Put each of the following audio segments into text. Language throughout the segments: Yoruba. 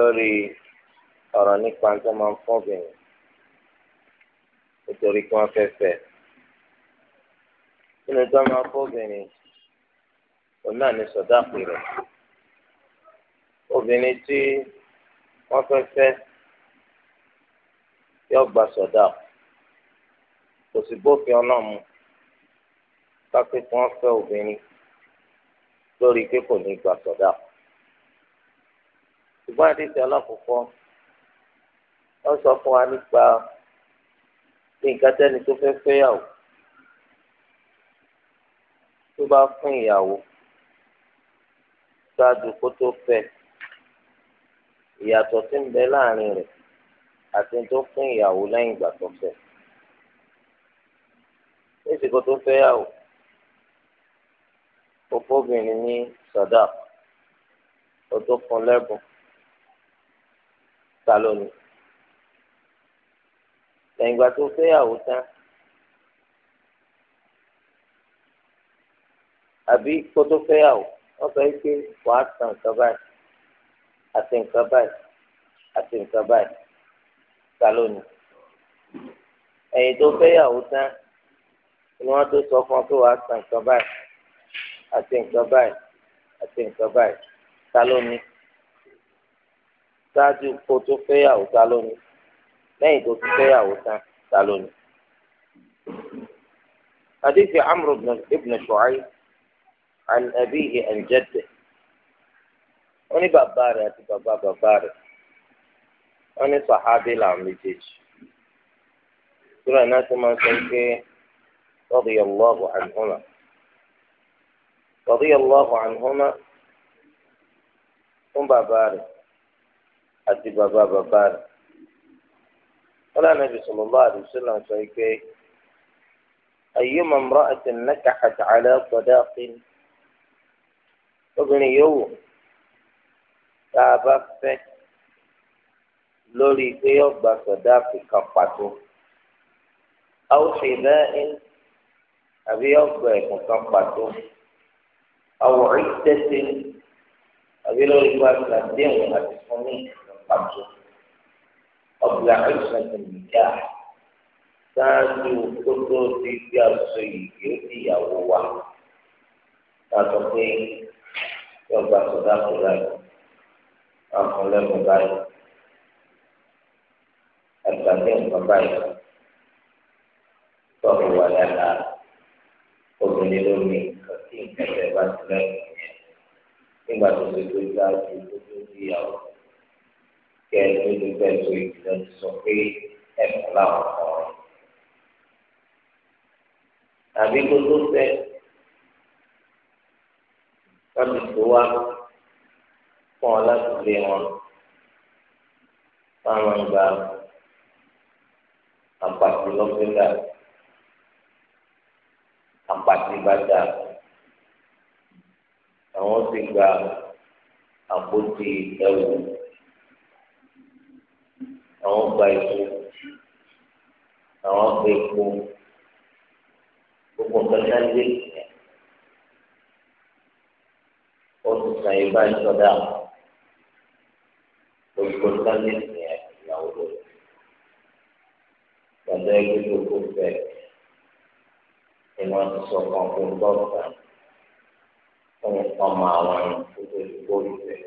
lórí ọ̀rọ̀ nípa tó máa ń fọ́ obìnrin nítorí kí wọ́n fẹ́ fẹ́ nínú tó máa fọ́ obìnrin òun náà ní sọ̀dá pèrè obìnrin tí wọ́n fẹ́ fẹ́ yóò gba sọ̀dá kò sì bófin ọlọ́mu kápẹ́ kí wọ́n fẹ́ obìnrin lórí pé kò ní gba sọ̀dá ṣùgbọ́n àdéhùn alákòókò wọ́n sọ fún wa nípa nǹkan tẹ́ni tó fẹ́ fẹ́yàwó tó bá fún ìyàwó ṣáájú kó tó fẹ́ ìyàtọ̀ tí ń bẹ láàrin rẹ̀ àti tó fún ìyàwó lẹ́yìn ìgbà tó fẹ́ èsì kó tó fẹ́yàwó òpóbìnrin ní sọ̀dà ó fún lẹ́bùn ta lónìí lẹ́yìn ìgbà tó fẹ́yàwó tán àbí kó tó fẹ́yàwó wọ́n sọ pé wàá san nǹkan báyìí àti nǹkan báyìí àti nǹkan báyìí ta lónìí ẹ̀yìn tó fẹ́yàwó tán ni wọ́n tó sọ fún ọ pé wàá san nǹkan báyìí àti nǹkan báyìí àti nǹkan báyìí ta lónìí. ṣáájú kó tó fẹ́yàwó ta lónìí lẹ́yìn tó ti fẹ́yàwó tán ta lónìí. حديث عمرو بن ابن شعيب عن أبيه عن جده wọ́n ní bàbá rẹ̀ àti bàbá bàbá rẹ̀ wọ́n àti bàbá bàbá rẹ̀ wọn lànà ibi sọlọ bá àdùsọ náà sọ pé ayyuma imra'atin nakahat ala sadaqin obìnrin yòówù tá a bá fẹ́ lórí pé yóò gba sọdáàkì kan pàtó àwòṣe bẹ́ẹ̀ àbí yóò gba kan pàtó àwòrán tẹ́sí àbí lórí pé àgbàdéhùn àti fúnni pàtó ọ̀gbìn àìsàn ìjà sáájú kótó ti gbé àṣọ ìgbé ìyàwó wa látọ pé yọgbà sọdá kò láì àwọn lẹ́nu báyìí àgbàdo nǹkan báyìí tọ́pù wà yàrá obìnrin lómi kí nǹkan tẹ̀ bá ti lẹ́nu nígbà tó ti gbé sáájú kótó ti yàwó kẹ́ẹ̀ẹ́dó ló fẹ́ so ìkìlọ̀ ti sọ pé ẹ̀kọ́ làwọn kan rẹ̀. tàbí kó tó fẹ́ lọ́dún tó wá fún ọ láti lé wọn fáwọn gba àpàtì lọ́fíńdà àpàtì bàtà àwọn ti gba àpótí ẹwù àwọn gba epo àwọn gba epo gbogbo nǹkan tí wọ́n lé ìyẹn ó ti sàn yìí báyìí sọ́dọ̀ gbogbo nǹkan lé ìyẹn ìyàwó lórí gbàdá ẹgbẹ́ gbogbo bẹ́ẹ̀ ni ti sọ fún ọkùnrin bọ́ọ̀sà fún ọmọ àwọn ìgbòho ìgbòho ìgbẹ́.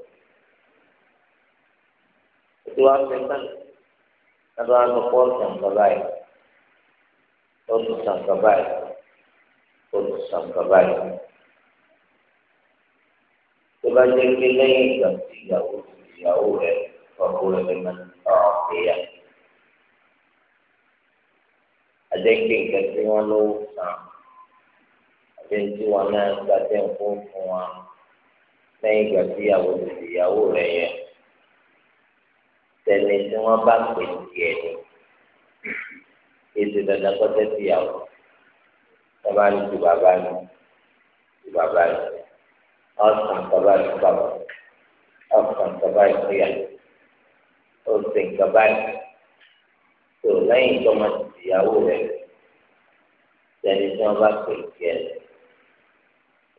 Ètò àfẹ́sán lábẹ́ wá lọ́pọ̀ sàǹkà báyìí lọ́sùn sàǹkà báyìí lọ́sùn sàǹkà báyìí tó bá jẹ́ pé lẹ́yìn ìgbà tí ìyàwó ìyàwó rẹ̀ ọkùnrin rẹ̀ máa ń tọ́ ọ́ pé yà. àjẹgbé nǹkan tí wọn ló san àjẹ tí wọn náà gbàtẹ nǹkan fún wa lẹ́yìn ìgbà tí ìyàwó ti ìyàwó tẹni tí wọn bá pè tiẹ ní ètò dandan kọtẹ tìyàwó bàbá ní ju bàbá ní ju bàbá ní ọsàn bàbá ní bàbá ọsàn bàbá ní tìyà ọsàn bàbá ní tó lẹ́yìn tó máa ti tìyàwó rẹ tẹni tí wọn bá pè tiẹ ní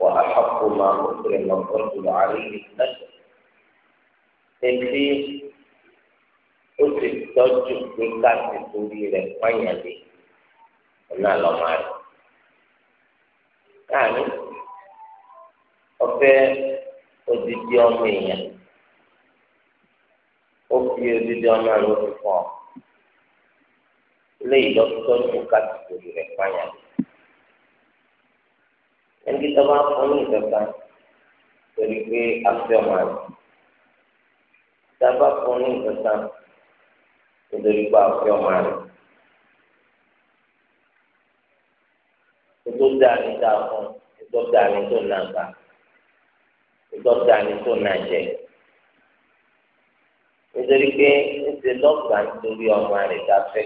wàhálà kó máa ń kó tẹ̀lé lọ́kọ́ tó lọ́ọ́ àríyìn náà ó sì tọ́jú pé káàsì torí rẹ̀ pányàlè ọ̀nà àlọ́mọ rẹ̀. Káàní ọ̀fẹ́ odidi ọmọ èèyàn ó fi odidi ọmọ rẹ̀ ó fi fọ́ ọ. Léyìí lọ tọ́jú káàsì torí rẹ̀ pányàlè. Ẹni tó bá fún ní ìjọba torí pé afẹ́ ọmọ rẹ̀. Tá a bá fún ní ìjọba nítorí pé àfẹ́ ọmọ rẹ̀. Ètò dáa ní dáa fún, ètò dáa ní tó náà gbà, ètò dáa ní tó náà jẹ. Nítorí pé níṣe lọ́gbà nítorí ọmọ rẹ̀ dáfẹ́.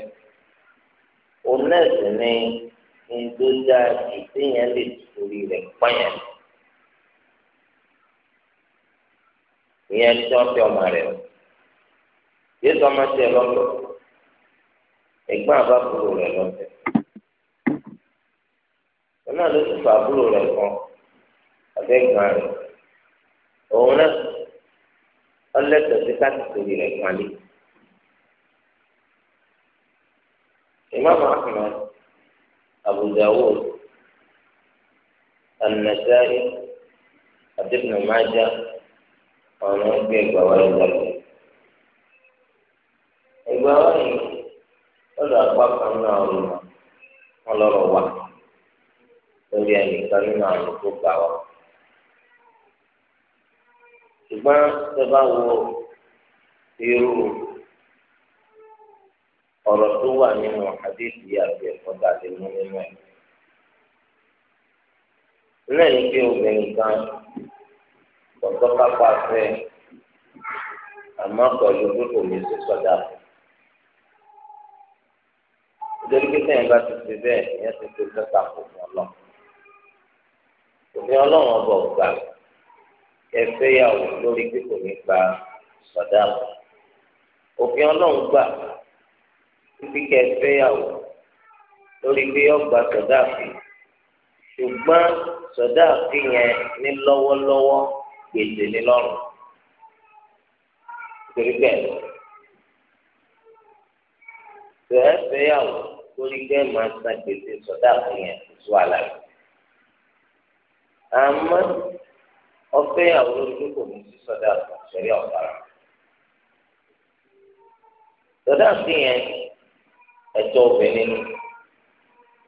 Òun náà ni ètò dáa ìdíyẹn lè torí rẹ̀ pọ́nyẹn. Ìyẹn tí wọ́n fi ọmọ rẹ̀ wọ̀ kí èso ọmọ tiẹ̀ lọ́tọ̀ ẹ̀gbọ́n àbábúrò rẹ̀ lọ́tẹ̀ wọn náà ló ti fà àbúrò rẹ̀ kan àbẹ́gbọ́n rẹ̀ òun náà ọlẹ́tọ̀ sí kátìkìrì rẹ̀ pálí. ìmáàmù Ahmad Abu Dawud An-Nasa'i àti Ibn Majah wáyé lọ́wọ́. kódà pápán náà lò wọn lọ́rọ̀ wà lórí ẹnìkan nínú àrùn tó gbà wá. ṣùgbọ́n tó bá wo irú ọ̀rọ̀ tó wà nínú àdéhùn àti ẹ̀kọ́ tàbí mú nínú ẹ̀. ilé pé obìnrin kan kò tọ́ka fẹ́ àmọ́ pẹ̀lú pé kò sọ́dà fún nítorí pé sẹ́yìn bá ti ṣe bẹ́ẹ̀ ìyẹn ti ṣe dọ́ta òfin ọlọ́run òfin ọlọ́run ọba ọ̀gbà ẹ̀fẹ́ yà wò lórí pé kò ní gba sọ̀dá wò òfin ọlọ́run gbà títí kẹ ẹ̀fẹ́ yà wò lórí pé ọgbà sọ̀dá fi ṣùgbọ́n sọ̀dá yẹn ní lọ́wọ́lọ́wọ́ gbèsè ní lọ́rùn nítorí bẹ́ẹ̀ lọ. Bẹ́ẹ̀ fẹ́ lórí kẹ́ máa san gbèsè sọ̀dá fún yẹn tó àlàyé. àmọ́ ọ̀fẹ́ àwọn olóko ní sí sọ̀dá fún sẹ̀rí ọ̀fàrà. sọ̀dá fún yẹn ẹ̀tọ́ obìnrin ni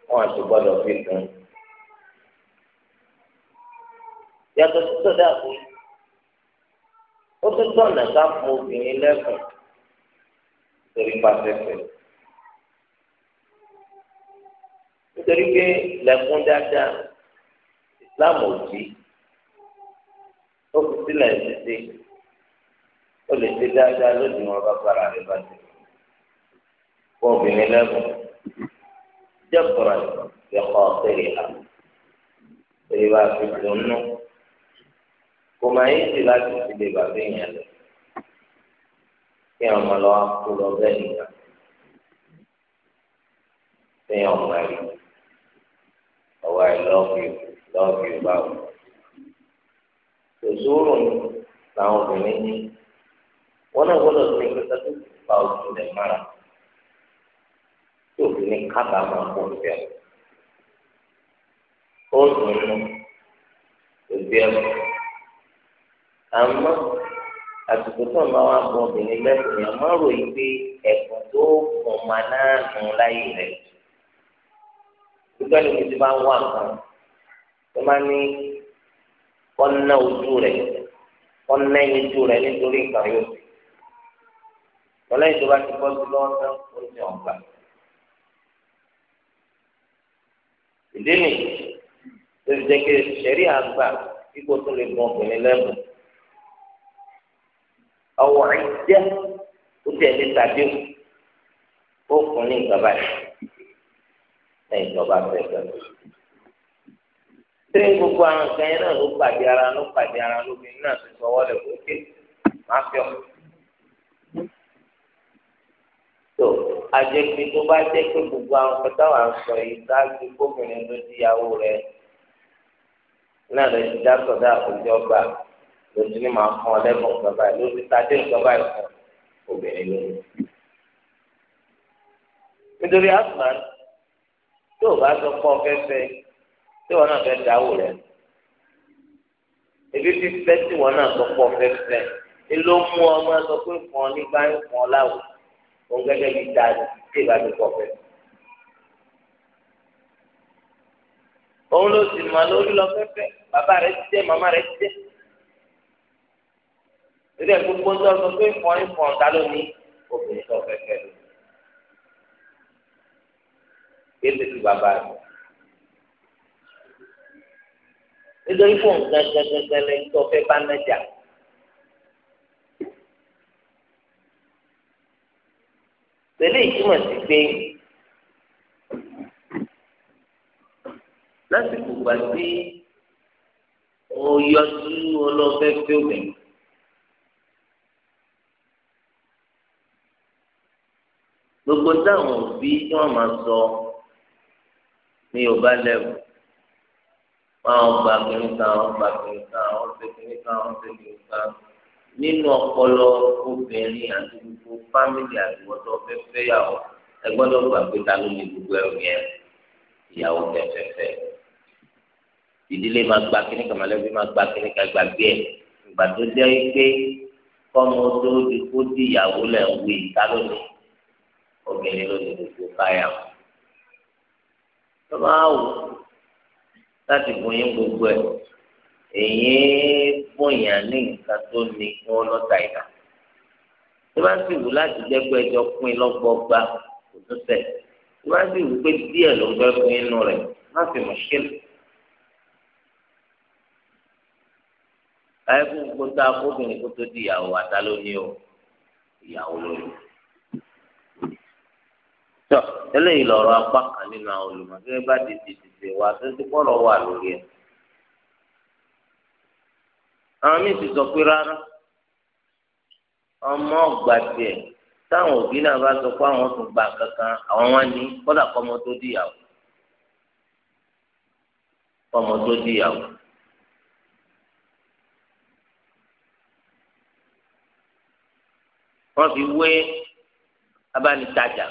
wọ́n àti gbọ́dọ̀ fi kún. yàtọ̀ sí sọ̀dá fún ó tún tọ̀nà ká fún obìnrin lẹ́kùn torí pàṣẹ fẹ́. nítorí pé lẹ́kún dáadáa islam ò jí ó fi sílẹ̀ títí ó lè ṣe dáadáa lóde wọn bá fara rẹ bá ti fún obìnrin lẹ́kún jẹ́kọ̀rọ̀ ìyọkọ̀ ọ̀sẹ̀rẹ̀ ha èyí bá fi dùnú kò máa yín sí láti fi lè bàbá èèyàn lọ kí àwọn ọmọ lọ kó lọ bẹ́ẹ̀ nìkan. Senhor I love you love you báwo. Òṣòro làwọn obìnrin ní. Wọ́n náà gbọ́dọ̀ sí ìgbésẹ̀ tó ti fa ojú rẹ̀ mára. Tí obìnrin kábàámọ̀ kò ń bẹ̀rù. Ó dùn ún kò bẹ̀rù. Àmọ́ àsìkò tó ń bá wa bọ obìnrin lẹ́sìn yẹn, àmọ́ ròyìn pé ẹ̀kọ́ tó kùn máa náà nù láyé rẹ̀ pípẹ́ lómi ti máa ń wá nǹkan tó máa ní ọ̀nà ojú rẹ̀ ọ̀nà ẹ̀yìn ojú rẹ̀ nítorí nǹkan yóò fi ọ̀nà ìjọba ti bọ́ sí lọ́wọ́ tán ó ń jẹ ọ̀gbà. ìdí nìyí tó fi sẹ́rí àgbà kíkó tó lè gun obìnrin lẹ́bùn ọwọ́ àìjẹ́ ó tẹ̀lé tàbí ó kún ní ìgbà báyìí lẹ́yìn tó bá fẹ́ pẹ̀lú. ṣé gbogbo àwọn nǹkan yẹn náà ló pàdé ara ló pàdé ara lóbìnrin náà ti sọ wọlé kókè máa fi ọ. tó àjẹpé tó bá jẹ́ pé gbogbo àwọn nǹkan táwọn sọ yìí ṣáájú gómìnà ló di ìyàwó rẹ̀ náà lè ti dá àkójọ gbà lójú ni màá fún ọ lẹ́bùn nǹkan báyìí lójú tá dé nǹkan báyìí obìnrin lónìí. nítorí asman tí o bá sọ pọ fẹfẹ tí wọn náà fẹ́ dáwò rẹ ebi fífẹ tí wọn náà sọ pọ fẹfẹ ló mú ọmọ sọ pé kàn nígbà ń kàn láwò òun gẹ́gẹ́ bí dáa tí ìbá ti pọ fẹfẹ. òun ló sì máa lórí lọ fẹfẹ bàbá rẹ̀ ti jẹ màmá rẹ̀ ti jẹ ìdẹ gbogbo ń sọ pé kàn ń kàn dá lónìí obìnrin sọ fẹfẹ lónìí kéde sí bàbá rẹ̀. nítorí fún gángangangan lẹ́yìn tó fẹ́ bá nájà. pẹ̀lú ìtumọ̀ sí pé lásìkò gbà tí mo yọ sí ọlọ́fẹ́ fíìmù. gbogbo táwọn òbí tí wọ́n máa sọ. So, ní yorùbá lẹ́wù wọn gba kìnnì kan wọn gba kìnnì kan wọn ṣe kìnnì kan wọn ṣe kìnnì kan nínú ọpọlọ obìnrin àti gbogbo fámìlì àtiwọ́tọ́ fẹ́fẹ́ yàwó ẹgbọ́n tó gbà pé ta ló ní gbogbo ẹrù yẹn ìyàwó fẹ́fẹ́fẹ́ ìdílé máa gba kìnnì kan mọ̀lẹ́bí máa gba kìnnì kan gbàgbé ẹ̀ ìgbà tó jẹ́ pé kọ́mọ tó di kó di ìyàwó lẹ̀ ń wí ta ló ní obìnrin ló ní gbogbo báyàwó tó máa wù láti bùn yín gbogbo ẹ̀ èyí bóyá ní nǹkan tó ní kí wọ́n lọ́ta ìdá tó bá sì wù láti jẹ́gbẹ́ ẹjọ́ pín lọ́gbọ́gba kò tó tẹ̀ tó bá sì wù pé díẹ̀ ló ń gbẹ́ fún inú rẹ̀ má fi mọ̀ ṣẹlẹ̀. ayé kó gbogbo tá a kó obìnrin kó tó di ìyàwó àtàlóní o ìyàwó lónìí. tọ eléyìí lọ̀rọ̀ apá kan nínú àwọn olùmọ̀gé bá ti ti ti wá tó ti wà lórí àwọn míì ti sọ pé rárá ọmọ ọgbà tiẹ̀ táwọn òbí náà bá sọ pé àwọn tún kankan àwọn wá ní kódà tó díyàwó tó wọ́n fi wé abánitajà.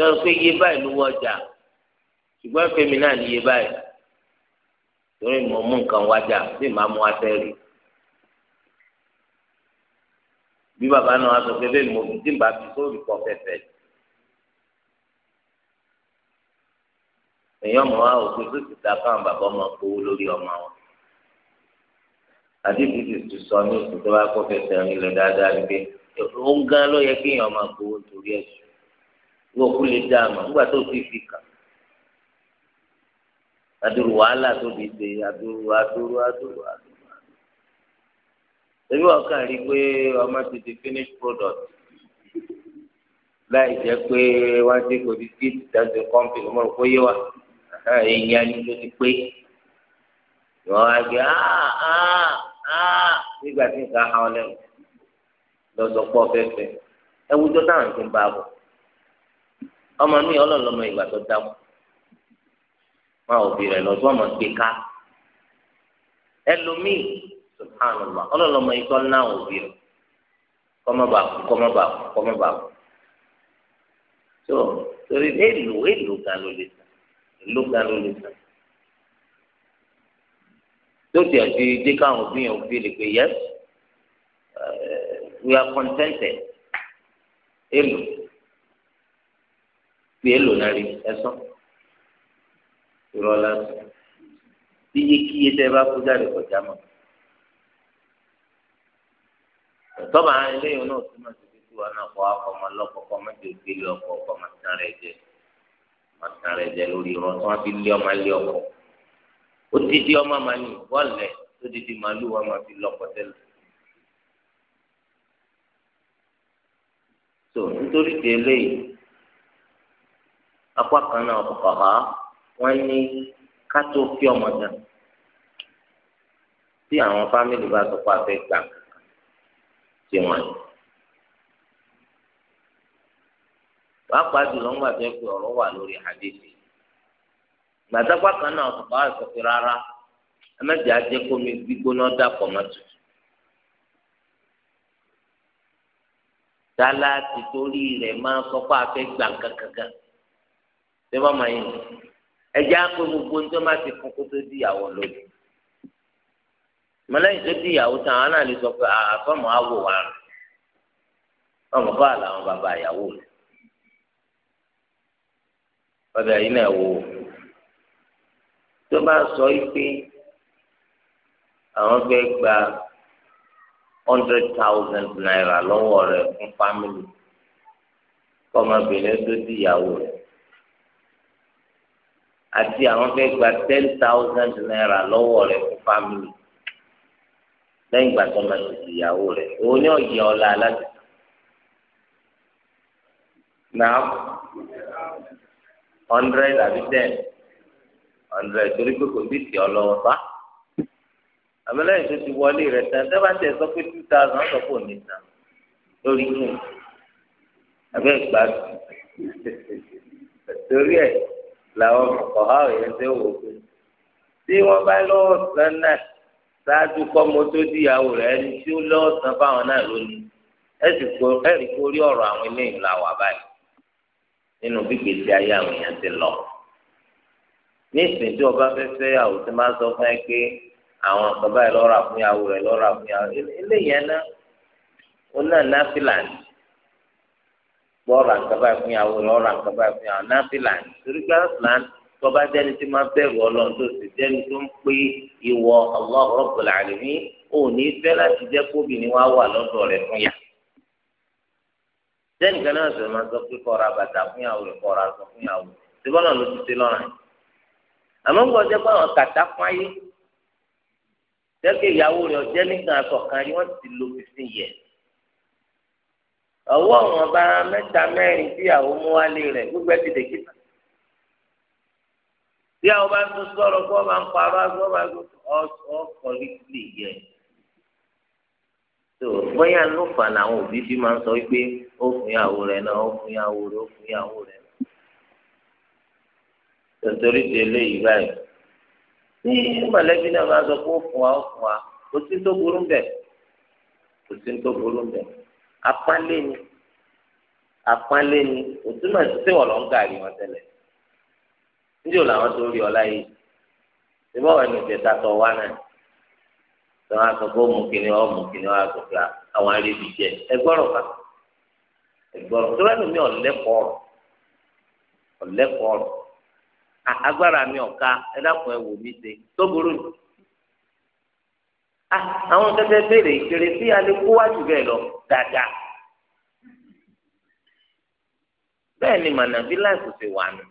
sọ̀rọ̀ pé iye báyìí ló wọ ọjà ṣùgbọ́n fèmí náà ní iye báyìí torí mo mú nǹkan wájà bí màá mú wá sẹ́rì. bí bàbá náà wá sọ pé bẹ́ẹ̀ mo dín bá fi sórí pọ̀ fẹ́fẹ́. èèyàn mọ̀ wá òkú tó ti ta fáwọn bàbá ọmọ gbowó lórí ọmọ wọn. àti ìdí ti sọ ní oṣù tó bá kọ́ fẹ́fẹ́ rìn lọ dáadáa ni pé ó ń gán ló yẹ kéèyàn máa gbowó torí ẹ̀sùn. wọ́n kú lè dá àmà nígbà tó ti fi kà adúrú wàhálà tó di ṣe adúrú adúrú adúrú adúrú ebi wọn kàn rí pé ọmọ ti di finish product láì jẹ́ pé wọ́n ti kò di skit dáńtẹ kọ́ńpì lọ́mọ rò yé wa èèyàn ni tó ti pé wọ́n á gbé nígbà tí nǹkan á hàn ọmọ mi ọlọ́run lọ́mọ ìgbà tó dáwọ́ má òbí rẹ̀ lọ́jọ́ ọmọ gbé ká ẹlòmíì subhanallah ọlọ́run lọ́mọ ìtọ́ náà òbí rẹ̀ kọ́mọ́bà kú kọ́mọ́bà kú kọ́mọ́bà kú tó torí èlò èlò gan ló lè sàn èlò gan ló lè sàn tó tiẹ̀ fi dé káwọn òbí yẹn òbí lè pe yes uh, we are contented èlò fi èlò náà rí ẹsán ìrọ̀lá sùn iyekíye tẹ bá kú jáde kọjá mọ́ tọ́ba eléyìí náà túmọ̀ sí títí wọn náà kọ́ akọ́mọ lọ́kọ̀ọ́kọ́ mẹ́tẹ́ ògbélé ọkọ̀ ọkọ̀ máa tán rẹ̀ jẹ máa tán rẹ̀ jẹ lórí irọ́ tí wọ́n fi lé ọmọ lé ọkọ̀ ó ti di ọmọ màá ní bọ́ọ̀lẹ̀ tó ti di màálù wọn máa fi lọ́kọ̀ tẹ́lẹ̀. tó nítorí ti eléyìí apá kan náà kọ̀kọ̀ ha wọ́n ní ká tó fi ọmọ gan tí àwọn fámìlì bá sọ pé abẹ́ gbà tí wọ́n yìí. pàápàá jùlọ ńgbà tó ń pè ọ̀rọ̀ wà lórí hadithi gbàdágbà kan náà kọ̀kọ́ àìsàn pé rárá ẹmẹ́jẹ̀ ajé kómi gbígbóná dàpọ̀ mọ́ tutù. dálá ti torí rẹ̀ máa sọ pé afẹ́ gbà kankan ṣé wọn máa yìn ẹjẹ àpò gbogbo ní tó má ti fún kó tó di ìyàwó lónìí mọlẹ́yìn tó di ìyàwó tán àwọn náà lè sọ pé àfọmọ àwò wa rẹ ọmọ bá làwọn bàbá ìyàwó rẹ ọdọ yìí náà wò tó bá sọ pé àwọn fẹ́ gba hundred thousand naira lọ́wọ́ rẹ̀ fún family kọ́mọbìnrin tó di ìyàwó rẹ̀ àti àwọn fẹ́ gba ten thousand naira lọ́wọ́ rẹ̀ fún family lẹ́yìn ìgbà tó máa tètè ìyàwó rẹ̀ òun ní ọ̀yẹ́ ọ̀la aláṣẹ. now hundred àbí ten hundred torí pé kò sí ìtì ọlọ́wọ́ bá àmì lẹ́yìn tó ti wọlé rẹ̀ tán sẹ́wọ́n tẹ̀ sọ pé two thousand sọ pé òní tán lórí kí n àbẹ́ ìgbà torí ẹ̀ làwọn ọkọ̀há òyìn ṣe wò fún tí wọ́n bá lọ́ọ̀sán náà ṣáájú kọ́ mo tó díyàwó rẹ̀ ẹni tí ó lọ́ọ̀sán fáwọn náà lónìí ẹ̀rí kó rí ọ̀rọ̀ àwọn eléyìí la wà báyìí nínú gbígbèsè ayé àwọn èèyàn ti lọ. ní ìsìn tí ọba fẹ́ fẹ́ yàwó ti máa sọ fún ẹ pé àwọn kan báyìí lọ́ọ́ rà fún yàwó rẹ̀ lọ́ọ́ rà fún yàwó eléyìí ẹ̀ náà ó náà náà fìlà ní bọ́ọ̀rọ̀ àǹkàbá ìfún yàwó rẹ̀ ọ̀rọ̀ àǹkàbá ìfún yàwó náfìlà torí pé aslan tọ́ba jẹ́ni tí máa bẹ̀rù ọlọ́run tó sì jẹ́ni tó ń pé ìwọ Allah Rabbul Alamin ò ní fẹ́ láti jẹ́ kóbìnrin wá wà lọ́dọ̀ rẹ̀ fún yà. jẹ́ni kan náà sọ̀rọ̀ máa sọ pé kọ́ra bàtà fún yàwó rẹ̀ kọ́ra sọ fún yàwó tí bọ́lá ló ti ṣe lọ́rùn. àmọ́ ọwọ́ àwọn ọba mẹ́ta mẹ́rin tí àwọn mú wálé rẹ̀ gbogbo ẹ̀ ti dè kíkà. tí àwọn bá tún sọ̀rọ̀ kó máa ń parọ́ àgbo máa ń ọkọ̀ lè yẹ. tó bóyá ló fà làwọn òbí fi máa ń sọ pé ó fún ìyàwó rẹ̀ náà ó fún ìyàwó rẹ̀ ó fún ìyàwó rẹ̀ tòtòrí ti eléyìí báyìí tí mọ̀lẹ́bí náà máa sọ pé ó fún wa ó fún wa kò sí tó burú bẹ̀ kò sí tó burú bẹ̀. apánlé ni apánlé ni òtúmọ̀ sí pé ọ̀lọ́ ń gàrí wọn tẹ́lẹ̀ níjò làwọn tó rí ọlá yìí síbọ̀ wọn ni ìjẹta tọ̀ wá náà tí wọn sọ pé sọ pé àwọn arébi jẹ ẹgbọrọ kan ẹgbọrọ tó mi ọka ẹ dákun ẹ wò mí Ah, àwọn kẹtẹ béèrè ìkéré sí alẹ́kó wájú bẹ́ẹ̀ lọ dáadáa. bẹ́ẹ̀ ni mànàbí láìpẹ́ wà nù.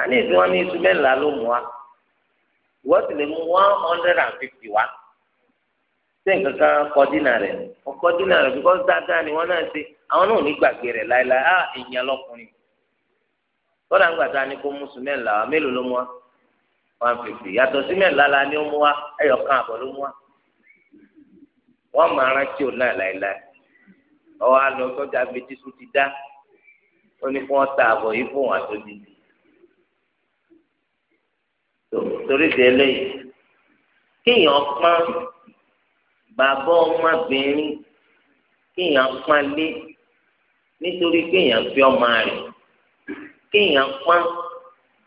a ní ìsìn ní iṣu mẹ́la ló mú wa. ìwọ́n lè mú one hundred and fifty wa. ṣé nǹkan kan kọ dínà rẹ̀ ọkọ dínà rẹ̀ bíkọ́ dáadáa ni wọ́n náà ṣe àwọn náà ò gbàgbé rẹ̀ láéláé ah, lọkùnrin. ń mélòó ló wa. one fifty yàtọ̀ sí mẹ́lẹ́la ni ó mú wa ẹ̀yọ̀ kan àbọ̀ ló mú wa wọ́n máa rántí òun náà láéláé ọwọ́ àlọ́ sọ́jà méjì tún ti dá ó ní kí wọ́n ta àbọ̀ yìí fún wọn àtòjì torí di eléyìí kéèyàn pọ́n bàbá ọmọbìnrin kéèyàn pọ́n lé nítorí kéèyàn fi ọmọ rẹ̀ kéèyàn pọ́n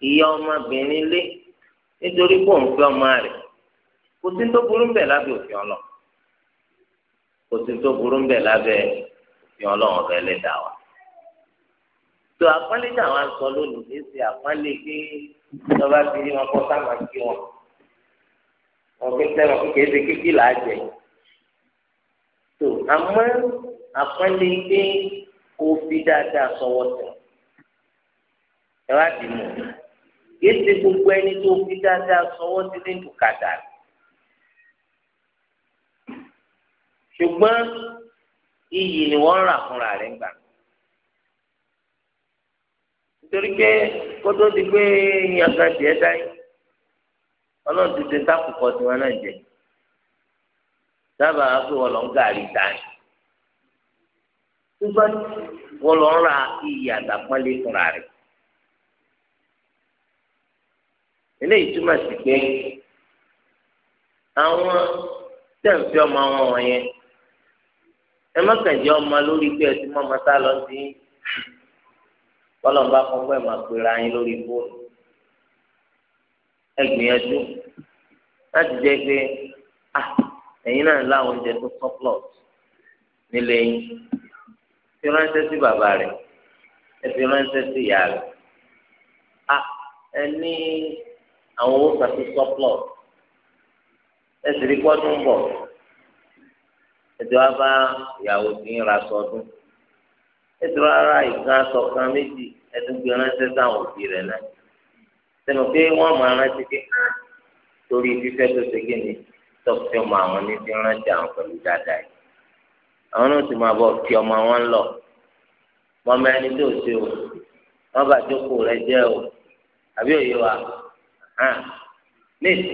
ìyá ọmọbìnrin lé nítorí pé òun fẹ́ ọmọ rẹ̀ kò sí tó burú bẹ̀ lábẹ́ òfin ọlọ́ kò sí tó burú bẹ̀ lábẹ́ òfin ọlọ́run ọ̀rẹ́ lẹ́dàá wa. tó àpọ́nlé náà wá ń sọ lónìí ní ti àpọ́nlé pé ìjọba ti rí wọn kọ́ sáwọn kí wọn wọn fi sẹ́wọ̀n kékeré ṣe kékeré là tó àmọ́ àpọ́nlé pé kò fi dáadáa sọwọ́ sí ẹ wá dì mọ́ kìí ṣe gbogbo ẹni tó fi dáadáa sọwọ́ sí ní bùkátà rẹ̀. ṣùgbọ́n iyì ni wọ́n rà fúnra rẹ̀ gbà. nítorí pé kó tó di pé ìyàn kan tiẹ̀ dáyé ọlọ́run ti ṣe sákòókò tiwọn náà jẹ dábàá pé wọn lọ ń gàrí dáyé. ṣùgbọ́n wọn lọ ń ra iyì àtàpọ́nlé fúnra rẹ̀. eléyìí túmọ̀ sí pé àwọn tẹ̀m̀fẹ́ ọmọ wọn wọ̀nyẹn ẹ má kàn jẹ́ ọmọ lórí pé ẹtí mọ́ ọmọ sá lọ sí kọ́lọ́mbà fún pẹ́ máa pera yín lórí fóònù ẹ gbìyànjú láti jẹ́ pé ẹ̀yin náà láwọn oúnjẹ tó surplus nílé yín fi ránṣẹ́ sí bàbá rẹ̀ ẹ fi ránṣẹ́ sí ìyá rẹ̀ ẹ ní àwọn owó kan tó sọ́pọ̀ ẹsì rí pọ́dún ń bọ̀ ẹjọ́ á bá ìyàwó tí ń ra sọdún ẹjọ́ ara ìkan aṣọ kan méjì ẹdúgbò ránṣẹ́ sáwọn òbí rẹ̀ náà sẹ́nu pé wọ́n máa rántí pé torí fífẹ́ tó ṣe kí ni tọ́kítọ́ mọ àwọn ní fi rántí àwọn pẹ̀lú dáadáa yìí àwọn náà sì máa bọ̀ fi ọmọ wọn lọ mọ́mọ́ ẹni tó ṣe o wọ́n bá jókòó rẹ jẹ́ o àbí òye wa hàn ah, níìsì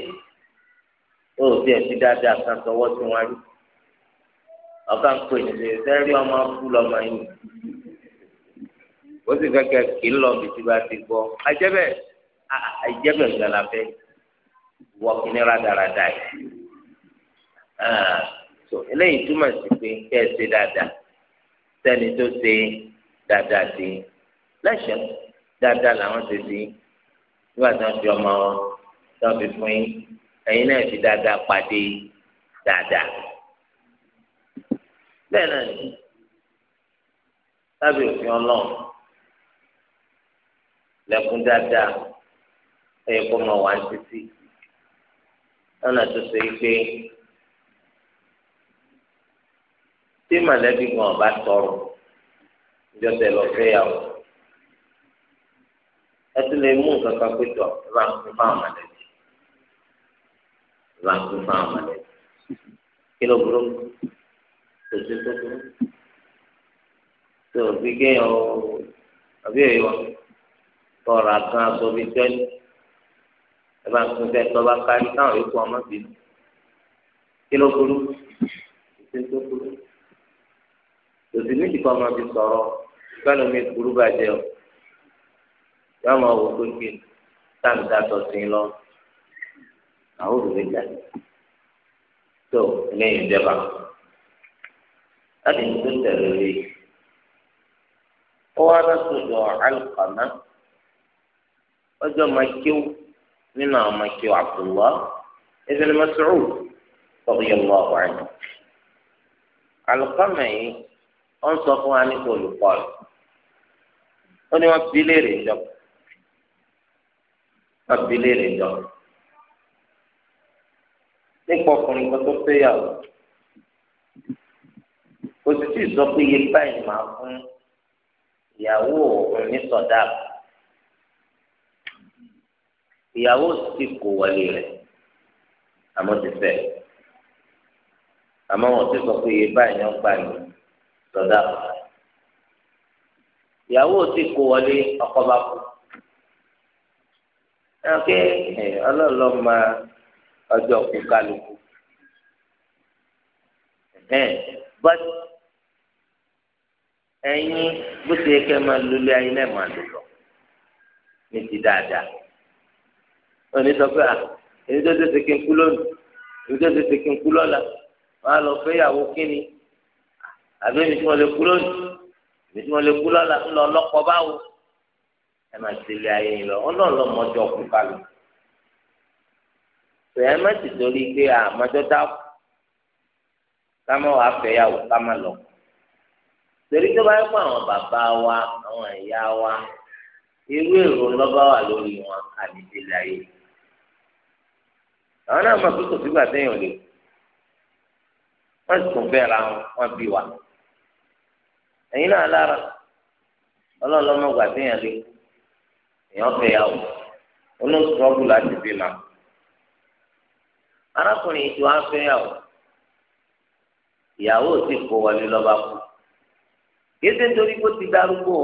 ó ti ẹ̀ fi dáadáa kan sọwọ́ sí wọn rí ọ̀gá ń pè ní sẹ́rí ọmọ kú lọ́mọ yìí ó sì fẹ́ kẹ́ kí ń lọ bí tí bá ti gbọ́ àjẹbẹ́ àjẹbẹ́ gbàlàfẹ́ wọ́ọ̀kì ní rádaràdà yìí ah, so eléyìí túmọ̀ sí pé kẹ́ ẹ ṣe dáadáa sẹ́ni tó ṣe dáadáa sí lẹ́sẹ̀ dáadáa làwọn ṣe sí nígbà tí wọ́n fi ọmọ wọn tí wọ́n fi fún yín ẹ̀yin náà fi dáadáa pàdé dáadáa bẹ́ẹ̀ náà ni lábẹ́ òfin ọlọ́run lẹ́kún dáadáa ẹ̀yẹ kó máa wà ní títí lọ́nà tó ṣe pé tí màlẹ́bí gan ọba tọrọ ìjọba ẹ̀ lọ́ọ́ fẹ́ ẹ tún lè mú nǹkan kan pé tọ ẹ bá ń pín fáwọn mọ̀lẹ́bí ẹ bá ń pín fáwọn mọ̀lẹ́bí kí ló burú kò sí tó burú tó o fi gé ọ àbí èyí wa tọrọ àtún aṣọ bíi tẹ́lẹ̀ ẹ bá ń pín fẹ́ tọ́ bá kárí táwọn yòókù ọmọ bínú kí ló burú kò sí tó burú tòsí méjì kan máa fi sọ̀rọ̀ gbọ́dọ̀ mi burú bàjẹ́ o yọọ máa wò pé kí táàmì dátọ sí i lọ àwọn òbí dá tó lẹ́yìn ìjọba láti tó tẹ̀lé rí ó wá lọ́sọ̀dọ̀ alùpàmọ́ ọjọ́ máa kíw nínú àwọn máa kíw àbúwá ẹsẹ̀ ni mọ́sùrù tọ́kì yẹn lọ́wọ́ àwọn àyàn alùpàmọ́ yìí ó ń sọ fún wa nípa olùkọ́ rẹ̀ ó wọ́n fi léèrè ìjọba tábìlì rẹ̀ jọ nípa ọkùnrin kan tó fẹ́ yàwó kò sì tí ì sọ pé iye báyìí máa fún ìyàwó òun ní sọdá ìyàwó sì kò wọlé rẹ̀ àmọ́ ti fẹ́ àmọ́ wọn ti sọ pé iye báyìí ni wọ́n gbà ní sọdá ìyàwó sì kò wọlé ọkọ bá kú ẹnìké eh, ọlọ́ọ̀lọ́ máa ọjọ́ kú kálukú bọ́t ẹ̀yin bó ti yẹ kẹ́ máa lulẹ̀ ayé lẹ́ẹ̀mọ́ àdúgbò ní ti dáadáa òní sọ pé à èyí tó tètè kí n kú lónìí èyí tó tètè kí n kú lọ́la wọ́n á lọ fẹ́yàwó kíni àbí èmi tí wọ́n lè kú lónìí èmi tí wọ́n lè kú lọ́la ńlọ ọlọ́pọ̀ báwo. ẹ máa ṣe ilé ayé yín lọ ọlọ́run lọ mọjọ kú kálù tòyẹ má sì torí pé àmọjọ dákú ká má wàá fẹyàwó ká má lọ torí tó bá yẹ kó àwọn bàbá wa àwọn wa irú èrò lọ́ba wà lórí wọn ayé àwọn náà máa fi wọ́n tún wọn bí wa ẹ̀yin náà lára ọlọ́run lọ́mọ gbà èèyàn fẹ́ yà wò olóòtúrọ́bù láti bí ma arákùnrin ìjọ afẹ́ yà wò ìyàwó ti kó wọlé lọ́ba kú kéde torí kó ti darúgbó o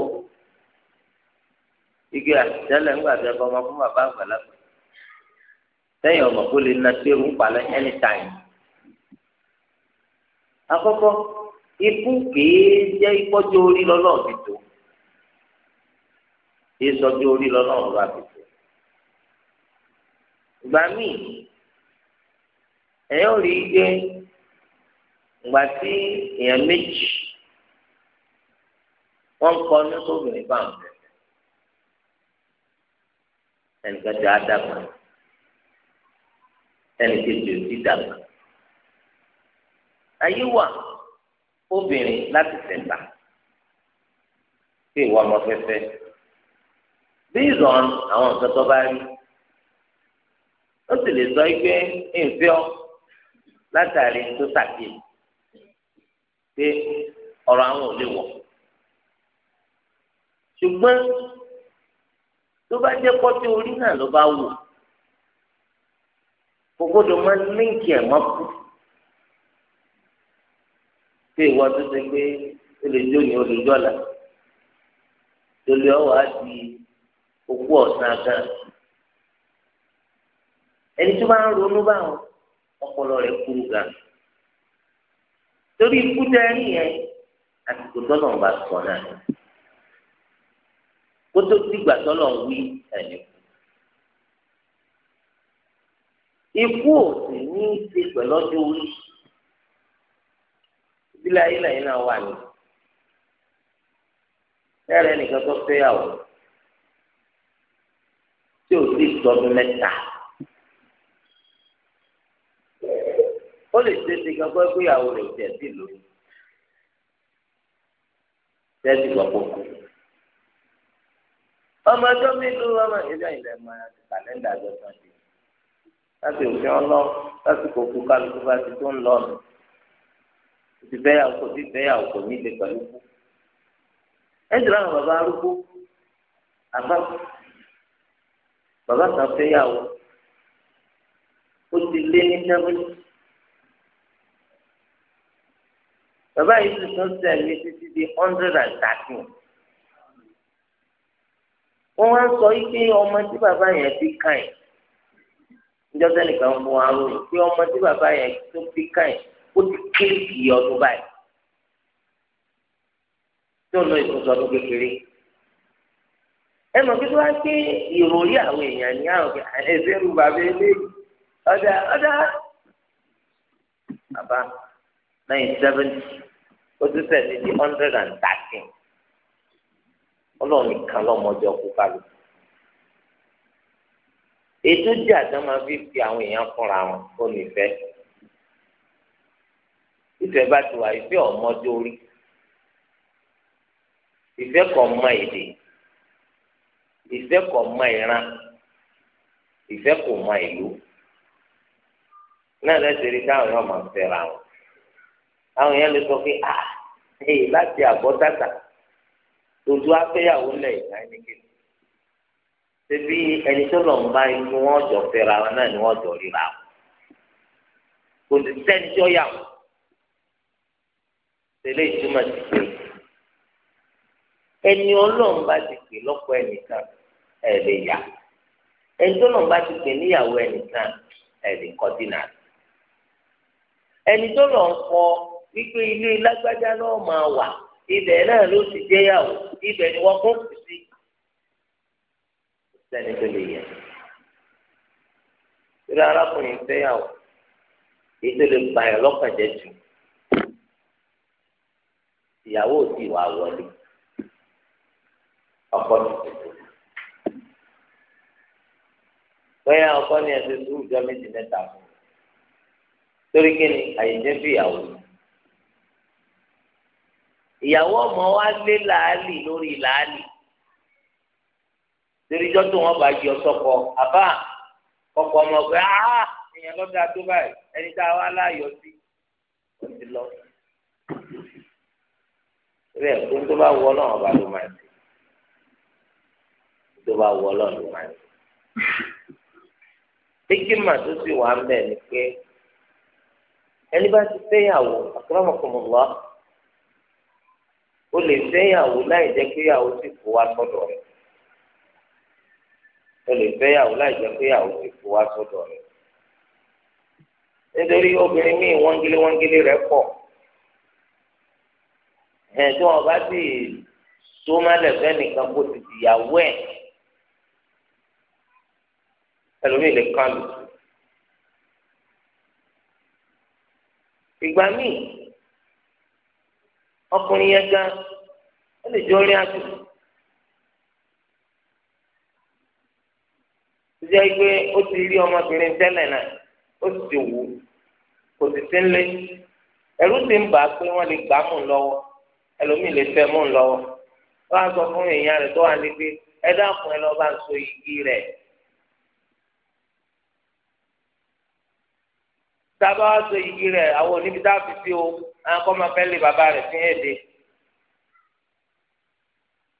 igi àtẹlẹ ńgbà tẹ bọ ọmọ fún bàbá àgbàlagbà sẹ́yìn ọmọ kó lè na tẹrù ń palẹ anytime àkọ́kọ́ ikú kèé jẹ ìpọjọ orí lọlọọbì tó èyí sọjọ́ orí lọ́lọ́run bá fi fẹ́. ìgbà míì ẹ̀yọ́ rí i pé ìgbà tí èèyàn méjì wọ́n kọ́ ní sóbìnrin bá ń bẹ̀ ẹnìkan ti á dàgbà ayé wà obìnrin láti tẹ̀ta kí ìwà ọmọ fẹ́fẹ́ based on àwọn nǹkan tó bá rí ó sì lè sọ pé nfẹ́ ọ látàrí tó sàkíyè pé ọ̀rọ̀ àwọn ò lè wọ̀ ṣùgbọ́n tó bá jẹ́ pọ́tí orí náà ló bá wù kò gbọ́dọ̀ máa líǹkì ẹ̀ mọ́ kú pé ìwọ tó ṣe pé ó lè jó ni ó lè tó lè ọwọ́ á di. òkú ọ̀sán gan ẹni tó bá ń ronú báwọn ọpọlọ rẹ̀ kúrú torí ikú tẹ ẹ nìyẹn àsìkò tọ́lọ̀ ń bá sọ náà kó tó dìgbà tọ́lọ̀ ń wí ẹni ikú ò sì ní í ṣe pẹ̀lú orí ìdílé ayé lẹ́yìn náà wà ní ẹ̀rẹ́ tí o sì tọdún mẹ́ta ó lè ṣe ti gbàgbọ́ ìgbéyàwó rẹ̀ tẹ̀ sí lónìí tẹ́sí gbàgbọ́ kù ọmọ ẹjọ́ mi ló ọmọ ìjọ ìlẹ̀ máa ti kàlẹ́ndà ẹjọ́ kan sí láti òfin ọlọ́ lásìkò kú kálukú bá ti tó ń lọ nù ibe bẹ́yàwó kò bẹ́yàwó kò ní ilé pẹ̀lú kú bàbá kan fẹ́yàwó ó ti lé ní sẹ́wọ́n. bàbá yìí ti tún sẹ́mi títí di hundred and thirteen. wọ́n wá sọ pé ọmọ tí bàbá yẹn ti kàn yìí níjọ́sẹ́ nìkan fún wa rò pé ọmọ tí bàbá yẹn tó fi kàn yìí ó ti kéèkì ọdún báyìí. tó ń lọ ìtúnṣọdún kékeré ẹ mọ̀ pípé wá pé ìròrí àwọn èèyàn ní àwọn ẹ̀sẹ̀ ń bàbá ilé ọ̀dà ọ̀dà bàbá nine seventy ó tún tẹ̀lé ní hundred and thirteen ọlọ́run nìkan lọ́mọdé ọkú kálù ètò jẹ́ àdán máa fi fi àwọn èèyàn fúnra wọn ó nífẹ̀ẹ́ ìfẹ́ bá ti wà ìfẹ́ ọmọdé orí ìfẹ́ kan mọ èdè ìfẹ́ kò mọ ìran ìfẹ́ kò mọ ìlú náà lẹ́sẹ̀ rí táwọn yóò máa fẹ́ra wọn àwọn yẹn lè sọ pé à èyí láti àbọ̀ tàtà lójú afẹ́yàwó lẹ̀ ìgbà ẹni kejì ṣebí ẹni tó lọ ń bá inú wọn jọ fẹ́ra wọn náà ni wọ́n jọ ríra wọn kò sì sẹ́ni tó yà wọ́n tẹ́lẹ̀ ìtumọ̀ ti pé ẹni ọlọ́run bá ti pè lọ́pọ̀ ẹnìkan ẹ lè yà ẹjọ́ náà bá ti pè níyàwó ẹnìkan ẹ lè kọ́ dínà ẹni tó lọ ń kọ wípé ilé lágbájá náà máa wà ibẹ̀ náà ló ti jẹ́yàwó ibẹ̀ ni wọ́n kún kù sí sẹ́ni tó lè yẹ irú arákùnrin fẹ́yàwó èyí lè ba ju. Iyawo jẹ́ jù ìyàwó ọkọ bóyá ọkọ ní ẹsẹ sùúrù jọ méjì mẹ́ta fún torí kí ni àyèjẹ bí ìyàwó ìyàwó ọmọ wa lé làálì lórí làálì torí jọ tó wọn bá yọ sọkọ àbá ọkọ ọmọ pé áá èèyàn lọ́dọ̀ àdó báyìí ẹni tá a wá láàyò sí ó ti lọ rẹ kó tó bá wọ náà ọba ló máa ń tó bá wọ náà ló máa ń tó hikima tó sì wà ń bẹ̀ ni pé ẹni bá ti fẹ́yàwó akramakumullah o lè fẹ́yàwó láì jẹ́ pé yàwó sì kó wa sọ́dọ̀ rẹ̀ o lè fẹ́yàwó láì jẹ́ pé yàwó sì kó wa sọ́dọ̀ rẹ̀ nítorí obìnrin míì wọ́ngilé wọ́ngilé rẹ̀ pọ̀ ẹ̀ tí wọ́n bá sì tó fẹ́ nìkan kó ti dìyàwó ẹ̀. ẹlòmíì lè kán lù. ìgbà míì ọkùnrin yẹn gan ó lè jẹ́ orin àjò. jẹ́ pé ó ti rí ọmọbìnrin tẹ́lẹ̀ náà ó sì ti wù ú kò sì ti ń lé ẹ̀rú ti ń bà á pé wọ́n lè gbà á mú un lọ́wọ́ ẹlòmíì lè fẹ́ mú un lọ́wọ́ wọ́n igi rẹ̀ tába wá so iyì rẹ̀ àwọn oníbi tá a fi sí o akọ́ máa fẹ́ lé bàbá rẹ̀ sí èdè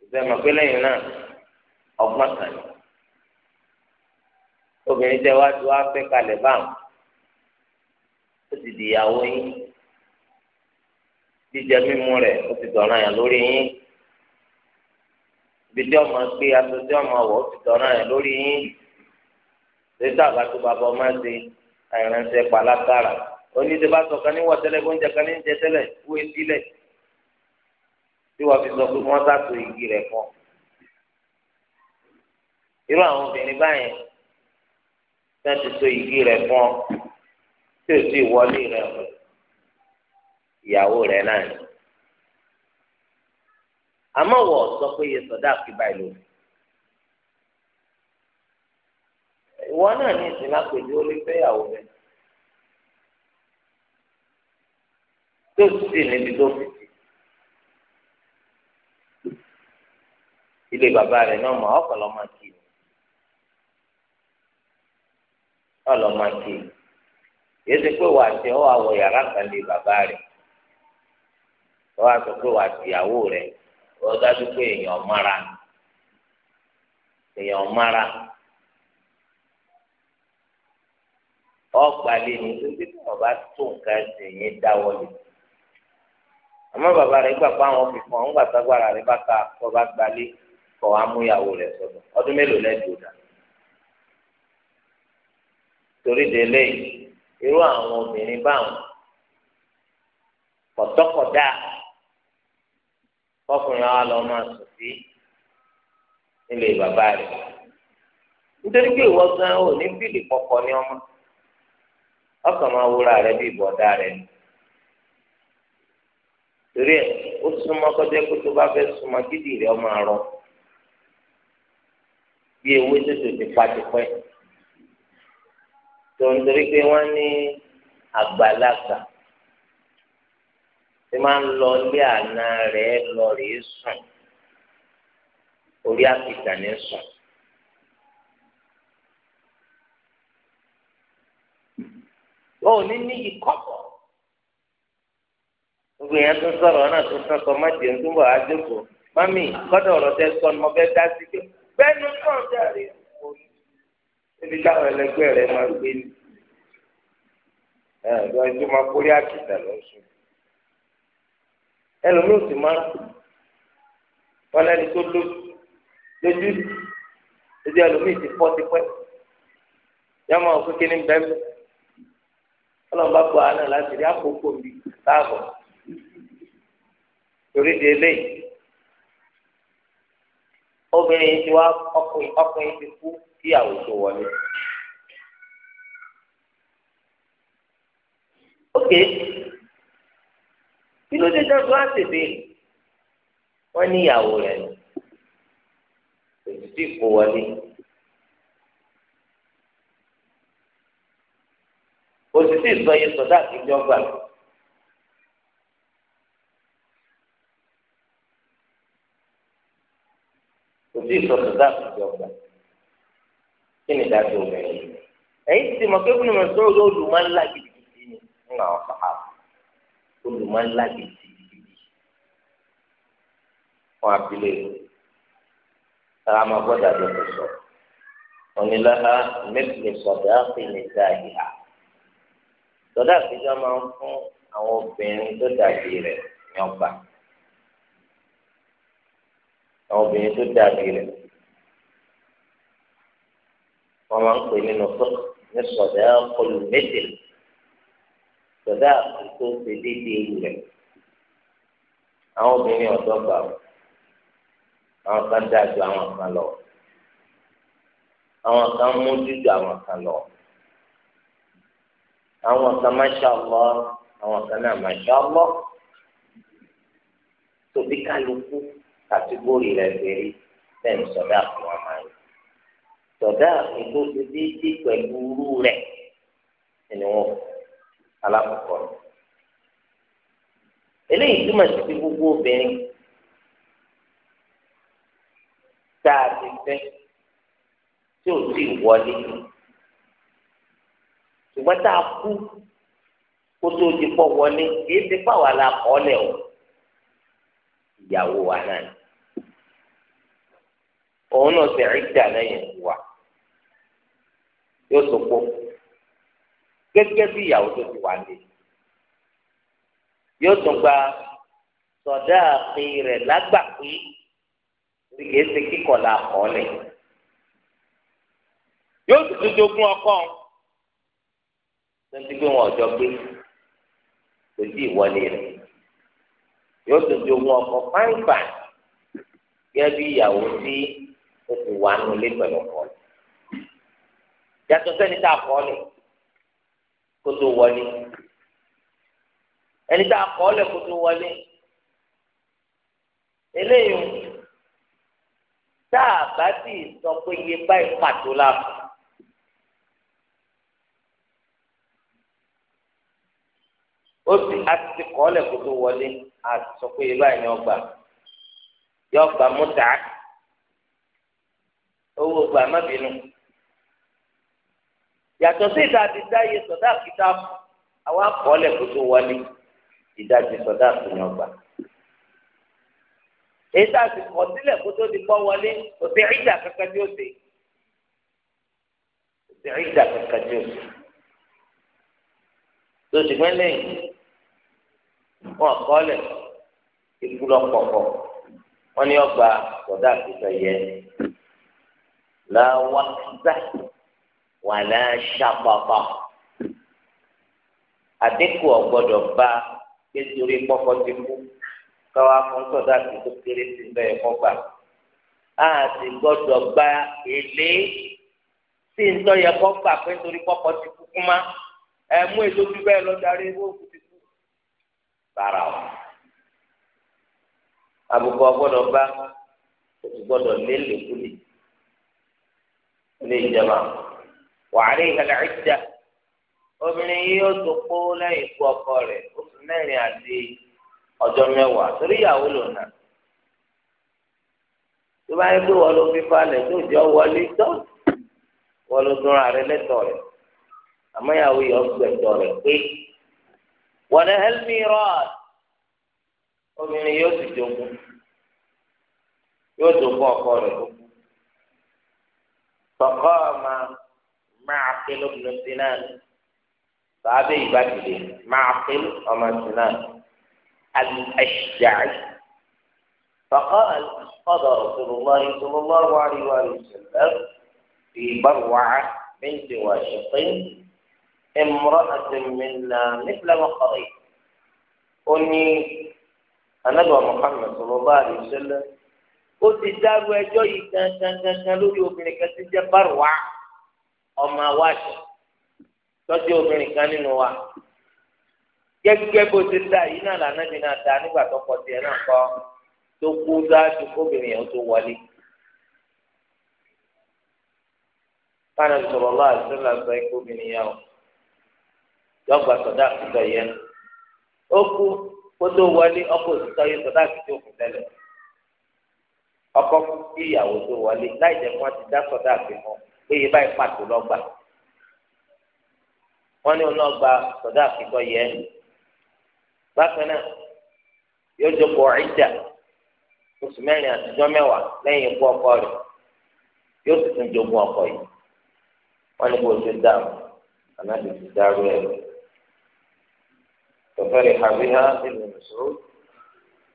ìsẹ̀mọ̀ pé lẹ́yìn náà ọgbọ́n kan ni obìnrin tẹ wá tí wá fẹ́ kalẹ̀ báwọn ó ti di ìyàwó yín jíjẹ mímu rẹ̀ o ti dọ̀ràn yàn lórí yín ibi tí ọmọ gbé aṣọ tí ọmọ wọ̀ ó ti dọ̀ràn yàn lórí yín ṣé sábà tó bàbá ọmọ ṣe àìránṣẹ́ pàlákàrà onídébàtọ̀ kan ní wọ́tẹ́lẹ̀ oúnjẹ kan ní jẹ tẹ́lẹ̀ wú etílẹ̀ tí wọ́n fi sọ pé wọ́n sàtò igi rẹ̀ kan. irú àwọn obìnrin báyẹn náà ti so igi rẹ̀ fún ọ tí ò sí ìwọlé rẹ̀ fún ìyàwó rẹ̀ náà ni. àmọ́ wọ̀ sọ pé iye sọ̀dá báyìí lónìí. ìwọ náà ní ìsìn lápèjì ó lè fẹ́yàwó rẹ̀ tó sì níbi tó fi sí ilé bàbá rẹ̀ náà mọ̀ ọ̀pọ̀lọ́ máa kì í ọ̀lọ́ máa kì í yéé ṣe pé wà á ti ọ́ àwọ̀ yàrá kan lé bàbá rẹ̀ ọ́ wá sọ pé wà á ti ìyàwó rẹ̀ ọ́ dájú pé èèyàn mára èèyàn mára. ọgbàlè ní pípé tí wọn bá tó nǹkan ṣe yẹn dáwọlé àmọ́ bàbá rẹ̀ gbà pé àwọn fi fún ọ ńgbà sagbára rẹ̀ bá ka kọ bá gbalé kọ amúyàwó rẹ̀ sọ́dọ̀ ọdún mélòó lẹdùn dà torí délé irú àwọn obìnrin báwọn kọtọkọdá kọkùnrin wa lọ máa sùn sí nílé bàbá rẹ̀ nítorí pé ìwọ gan ò ní bìlì pọpọ ní ọmọ. ọkàn máa wúra rẹ bí ìbọ̀dá rẹ ni torí ẹ ó súnmọ́ kọjá pé tó bá fẹ́ súnmọ́ kídì rẹ bí ewé tètè ti pa ti pẹ́ tó pé wọ́n ní àgbàlagbà tí máa ń lọ ó ní ní ìkọ́pọ̀ gbogbo yẹn tó sọ̀rọ̀ náà tó sọ sọ má jẹun ń bọ̀ àjòkò mami kọ́dọ̀ ọ̀rọ̀ tẹ sọ ni mo fẹ́ dá sí pé bẹ́ẹ̀ ni kàn jáde òní níbi táwọn ẹlẹgbẹ́ rẹ máa gbé ni ẹ lọ ẹjọ́ máa kórè àkìtà lọ́sùn ẹlòmíì ò sì máa wọn lẹni tó lójú lójú ẹlòmíì ti fọ́ tipẹ́ yọmọ òkú kí ni bẹ́ẹ̀ mi ọlọ́run bá bọ̀ àná láti rí àkókò mi káàbọ̀ torí di eléyìí obìnrin yìí ti wá ọkùnrin ọkùnrin ti kú kí àwùjọ wọlé. ókè kí ló dé dáadọ́ àtẹ̀bẹ́ wọ́n ní ìyàwó rẹ̀ ní òtítì kó òsìsì ìsọyè sọdá àtijọ́ gbà. òsì ìsọsọdá àtijọ́ gbà. kí ni dájú obìnrin? ẹ̀yin ti mọ̀ pé kúnnù mọ̀sọ́rọ̀ ló lù máa ń la gidigidi ni ń àwọn sàhábà ó lù máa ń la gidigidi. wọn abilé sara máa gbọ́dọ̀ àjọ sọ. onílànà mẹ́tìlẹ̀ sọ̀dá àti nìgbà yìí hà sọdá àtijọ́ máa ń fún àwọn obìnrin tó dàbí rẹ̀ ní ọgbà àwọn obìnrin tó dàbí rẹ̀ wọ́n máa ń pè nínú fún ní sọdá ọkọlù méjì sọdá àtúntò ṣe déédéé rẹ̀ àwọn obìnrin ọ̀dọ́ gbà àwọn kan dájú àwọn kan lọ àwọn kan mójútó àwọn kan lọ àwọn kan masha Allah àwọn kan náà masha Allah tóbi kálukú kàtígórì rẹ̀ bèrè bẹ́ẹ̀ sọ̀dá fún wa máa ń sọ̀dá ètò ti déédéé pẹ̀lú irú rẹ̀ ẹni wọn alákọ̀ọ́kọ́ rẹ̀ eléyìí túmọ̀ sí pé gbogbo obìnrin tá a ti fẹ́ tí ò tí ì wọlé yìí ṣùgbọ́n tá a kú kó tó di pọ̀ wọlé kìí ti pa wà la kọ́ lẹ̀ o ìyàwó wa náà ni òun náà sì rí dà lẹ́yìn wa yóò sopọ̀ gẹ́gẹ́ bí ìyàwó tó ti wà lé yóò tún gba sọdá àfin rẹ̀ lágbà pé kìí ti kíkọ̀ la kọ́ lẹ̀ yóò tún dogun ọkọ̀ ọ̀hún tẹ́tí pé wọn ọ̀jọ́ gbé kò sí ìwọlé rẹ̀ yóò tún jogún ọkọ fáńfà gẹ́gẹ́ bí ìyàwó tí o sì wà nù lé pẹ̀lú ọkọ rẹ̀ yàtọ̀ sẹ́ni tá a kọ́ lẹ̀ kó tó wọlé ẹni tá a kọ́ lẹ̀ kó tó wọlé eléyìí tá a bá sì sọ pé iye báyìí pàtó láàbù. ó sì àti kọ́lẹ̀ kó tó wọlé àti sọ pé irú àyàn ọgbà yọ ọgbà múta owó gbà má bínú yàtọ̀ sí ìta àti dáyé sọ̀dá àkìtá àwọn akọ́lẹ̀ kó tó wọlé ìdajì sọ̀dá àkìyàn ọgbà èyí tá sílẹ̀ kó tó di pọ́ wọlé kò sí ìjà kankan tí ó dé kò sí ìjà kankan tí ó dé tó wọn kọ́lẹ̀ ikú lọ́pọ̀pọ̀ wọn ni ọgbà sọ̀dá àfihàn yẹ làwàkìtà wà láṣàpàpà àdínkù ọ̀gbọ́dọ̀ bá nítorí pọ́pọ́ ti kú káwá fún sọ̀dá àfihàn kéré ti bẹ́ẹ̀ kọ́gbà á sì gbọ́dọ̀ gba èlé tí ń tọ́ yẹ kọ́gbà pé nítorí pọ́pọ́ ti kú kú má ẹ̀ mú èso bíbẹ́ lọ́darí owó kú. rárá o àbùkù ọgbọ́dọ̀ bá oṣù gbọ́dọ̀ lélẹkùlẹ ilé ìjọba wàhálà ìhàlẹ ìjà obìnrin yìí yóò tó kó lẹ́yìn ikú ọkọ rẹ oṣù mẹ́rin àti ọjọ́ mẹ́wàá torí ìyàwó lòna tó bá yẹ pé wọn ló fi falẹ̀ tó ولها الميراث obìnrin yóò sì jogún yóò jogún ọkọ rẹ̀ tọkọ ọmọ máa kélo bìnú sinan sàábẹ ìbátìlẹ máa kélo ọmọ sinan alẹ́ṣjáì tọkọ ọdọ rasulillah sallallahu alayhi wa sallam fi barwaca binti wa shaqin. امرأة منا مثل ما قضيت أني أنبوى محمد صلى الله عليه وسلم ó ti dárú ẹjọ́ yìí kankankan lórí obìnrin kan ti jẹ́ bárùwá ọmọ awáṣẹ tọ́jú obìnrin kan nínú wa gẹ́gẹ́ bó ti dá yìí náà lànà mi náà dá nígbà tó kọ tiẹ̀ náà kọ́ tó kú dájú kóbìnrin yẹn tó wọlé. kánà sọ̀rọ̀ lọ́wọ́ àti sọ́lá sọ ikú obìnrin yẹn o. yọgbà sọdá àtúntò yẹn ó kótó wọlé ọkọ òtítọ́ yẹn sọdá àtúntò kù tẹ́lẹ̀ ọkọ ìyàwó tó wọlé láì jẹ́ kí wọ́n ti dá sọdá àfihàn pé yìí báyìí pàtó lọ́gbà wọ́n ní ọlọ́gba sọdá àtúntò yẹn bákan náà yóò jókòó ìjà oṣù mẹ́rin àtijọ́ ikú ọkọ rẹ̀ yóò sì tún ọkọ yìí ففرح بها ابن مسعود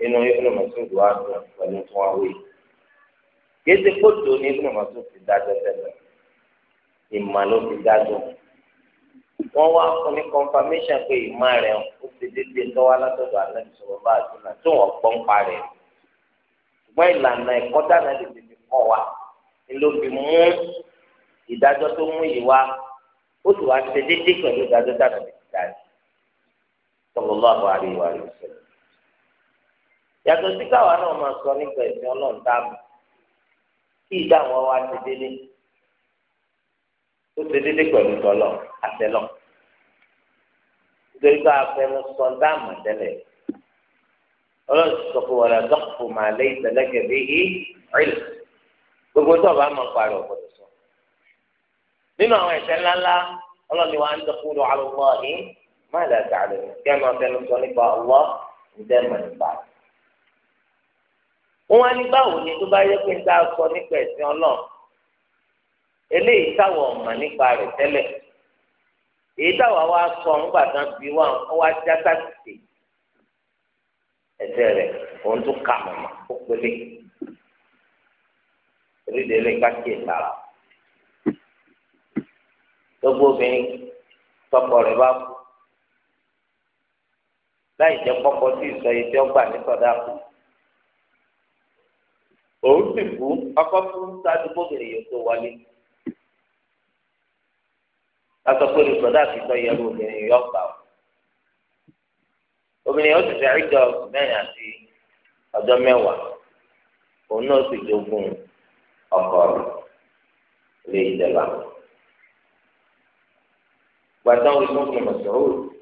inú ibùdó masud wa dùn pẹ̀lú tí wọ́n wí. Yéésì kóòtù ní ibùdó masud ti dájọ́ tẹ́lẹ̀. Ìmà ló ti dájọ́. Wọ́n wá fún ní confirmation pé ìmà rẹ̀ ó ti dédé tọ́wá látọ̀dọ̀ àlẹ́bí sọ̀rọ̀ bá àtúnà tó wọ́n gbọ́ ń parẹ́. Ṣùgbọ́n ìlànà ẹ̀kọ́ dáná lè ti fi kọ́ wa. Ló fi mú ìdájọ́ tó mú yìí wá. Ó sì wá ṣe dédé pẹ̀lú ìdájọ́ dáná lè sallallahu alaihi wa sallam. yàtọ̀ sí káwa náà máa sọ nípa ẹ̀sìn ọlọ́run tá a mọ̀ kí ìdáhùn wa ti délé ó ti délé pẹ̀lú tọ́lọ̀ àtẹlọ́ nítorí pé afẹnu sọ dáàmú tẹ́lẹ̀ i rìl gbogbo tó o bá mọ̀ parí ọ̀gbọ̀dọ̀ sọ nínú àwọn ẹ̀ṣẹ̀ ńláńlá ọlọ́run ni wàá ń má là sàlẹ̀ kí ẹ máa fẹnu sọ nípa ọwọ́ ǹjẹ́ mọ̀ nípa. wọ́n á ní báwo ni tó bá yẹ pé ń dá sọ nípa ẹ̀sìn ọlọ́run eléyìí táwọn ọ̀mà nípa rẹ̀ tẹ́lẹ̀ èyí táwọn wá sọ ńgbà kan bí wà ó wá já sásìkè ẹsẹ̀ rẹ̀ òun tó kà mọ̀mọ́ ó pélé orílẹ̀-èdè ká kíyè gbogbo obìnrin tọkọ rẹ̀ bá kú. láì jẹ́ pọ́pọ́ sí ìsọ yìí tí ó gbà ní sọ̀dá kù. òun sì kú ọkọ fún sáájú bóbìnrin yìí tó wọlé. pé olùsọ̀dá ti sọ yẹ obìnrin yìí ọgbà o. obìnrin yìí ó sì fẹ́ ríjọ mẹ́rin àti ọjọ́ mẹ́wàá. òun náà sì jogún ọkọ rẹ̀ lè jẹba. gbàtàn wípé mọ̀ sọ́wọ́.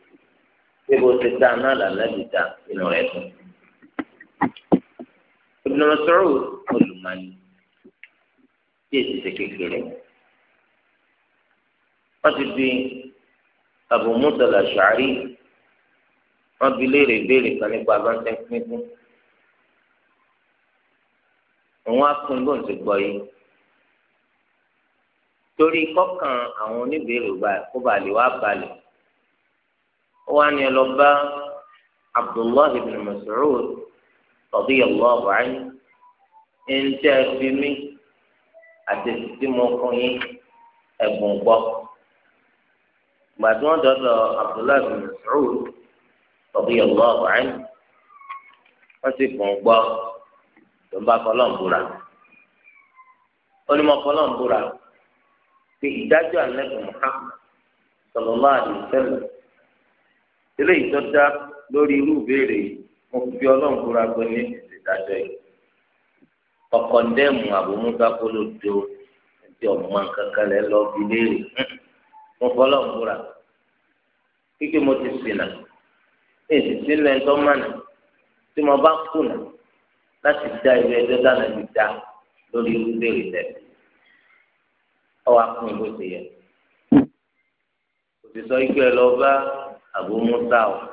pé bó ti dá náà lànàbì dá inú rẹ̀ dùn. Ibn Mas'ud olùmọ̀ni tí èsì ṣe kékeré. Wọ́n ti fi Abu Musa al-Ash'ari wọ́n bi léèrè béèrè kan nípa abáńtẹ́ pínpín. Òun á pín bóun ti gbọ́ yìí torí kọ́kàn àwọn oníbèrè kó bá lè wá balẹ̀ wọ́n ní lọ bá abdullahi bin mas'ud radiyallahu anhu ń tẹ́ fi mí àti tí mo fún yín ẹ̀bùn gbọ́. ìgbà tí wọ́n dọ̀dọ̀ abdullahi bin mas'ud radiyallahu anhu wọ́n sì bùn gbọ́ tó ń bá kọ́lọ́ǹbùrà. onímọ̀ kọ́lọ́ǹbùrà fi ìdájọ́ àlẹ́ bùn ká sallallahu alaihi wasallam eléyìí tó dá lórí irú ìbéèrè yìí mo fi ọlọ́run kóra pé ní ìdájọ́ yìí ọkọ̀ ndẹ́mu àbòmúta kólódo ti ọmọ kankan lẹ lọ fi léèrè mo fọlọ́ nkúra kíkẹ́ mo ti ṣìnà èsì sílẹ̀ ńtọ́ mánà tí mo bá kùnà láti da ìwé ẹjọ́ dáná ti da lórí irú léèrè lẹ ọwọ́ akún ìbò ti yẹ òtítọ́ ikú ẹ lọ bá. Abu Musa o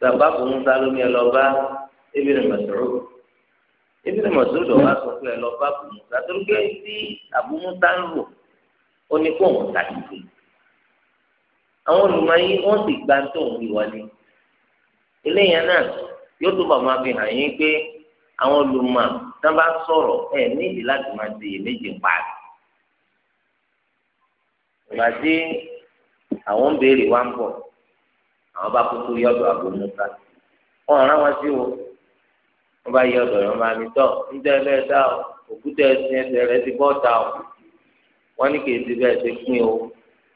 bàbá Abu Musa ló ní ẹ lọ bá Ibn Mas'ud Ibn Mas'ud lọ bá sọ pé ẹ lọ bá Abu Musa tó gbé sí Abu Musa ń rò ó ní kó wọn ṣàkíyèsí àwọn olùmọ̀ọ́yí wọ́n sì gba tó ń rí wọlé eléyàn náà yóò túbọ̀ máa fi hàn yín pé àwọn olùmọ̀ tán bá sọ̀rọ̀ ẹ̀ nídìí láti máa ṣe èméjì parí ìgbà tí àwọn ń béèrè wá ń bọ̀ àwọn bá kúkú yọdọ àbò musa wọn rán wọn sí o wọn bá yọdọ yọ máa mi tọ níta ẹlẹẹta o òkúta ẹsìn ẹsẹ rẹ ti bọ ta o wọn ní kèéjì bẹ́ẹ̀ ti pín o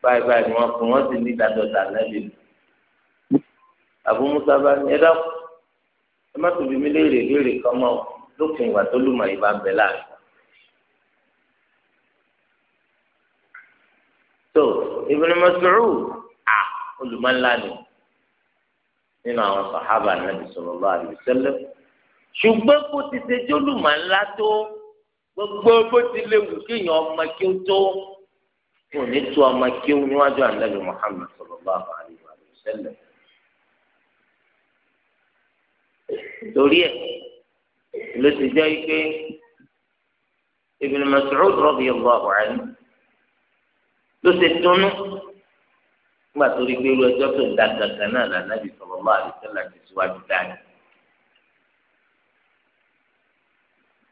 báyìí báyìí ni wọn fún wọn sì ní ìdádọta lẹbi àbò musa bá ní ẹ̀dá ẹ má tóbi mí léèrè léèrè kan mọ lópin ìgbà tó lùmọ̀ yìí bá bẹ láàrin. tó Ibn Mas'ud à olùmọ̀ńlá ni. nínú àwọn sàhábà nàbì sọlọ lọ alaihi sẹlẹ ṣùgbọ́n kó ti ṣe jólùmọ̀ ńlá tó gbogbo bó ti lè wù kí kéèyàn ọmọ kí ó tó kò ní tó ọmọ kí ó níwájú muhammed sọlọ lọ alaihi sẹlẹ. torí ẹ̀ ló ti jẹ́ pé Ibn Mas'ud radiyallahu anhu ló ti dunnú. nígbà tó rí pé irú ẹjọ́ tó ń da gangan náà lànàbì sallallahu alaihi wasallam ti síwájú dání.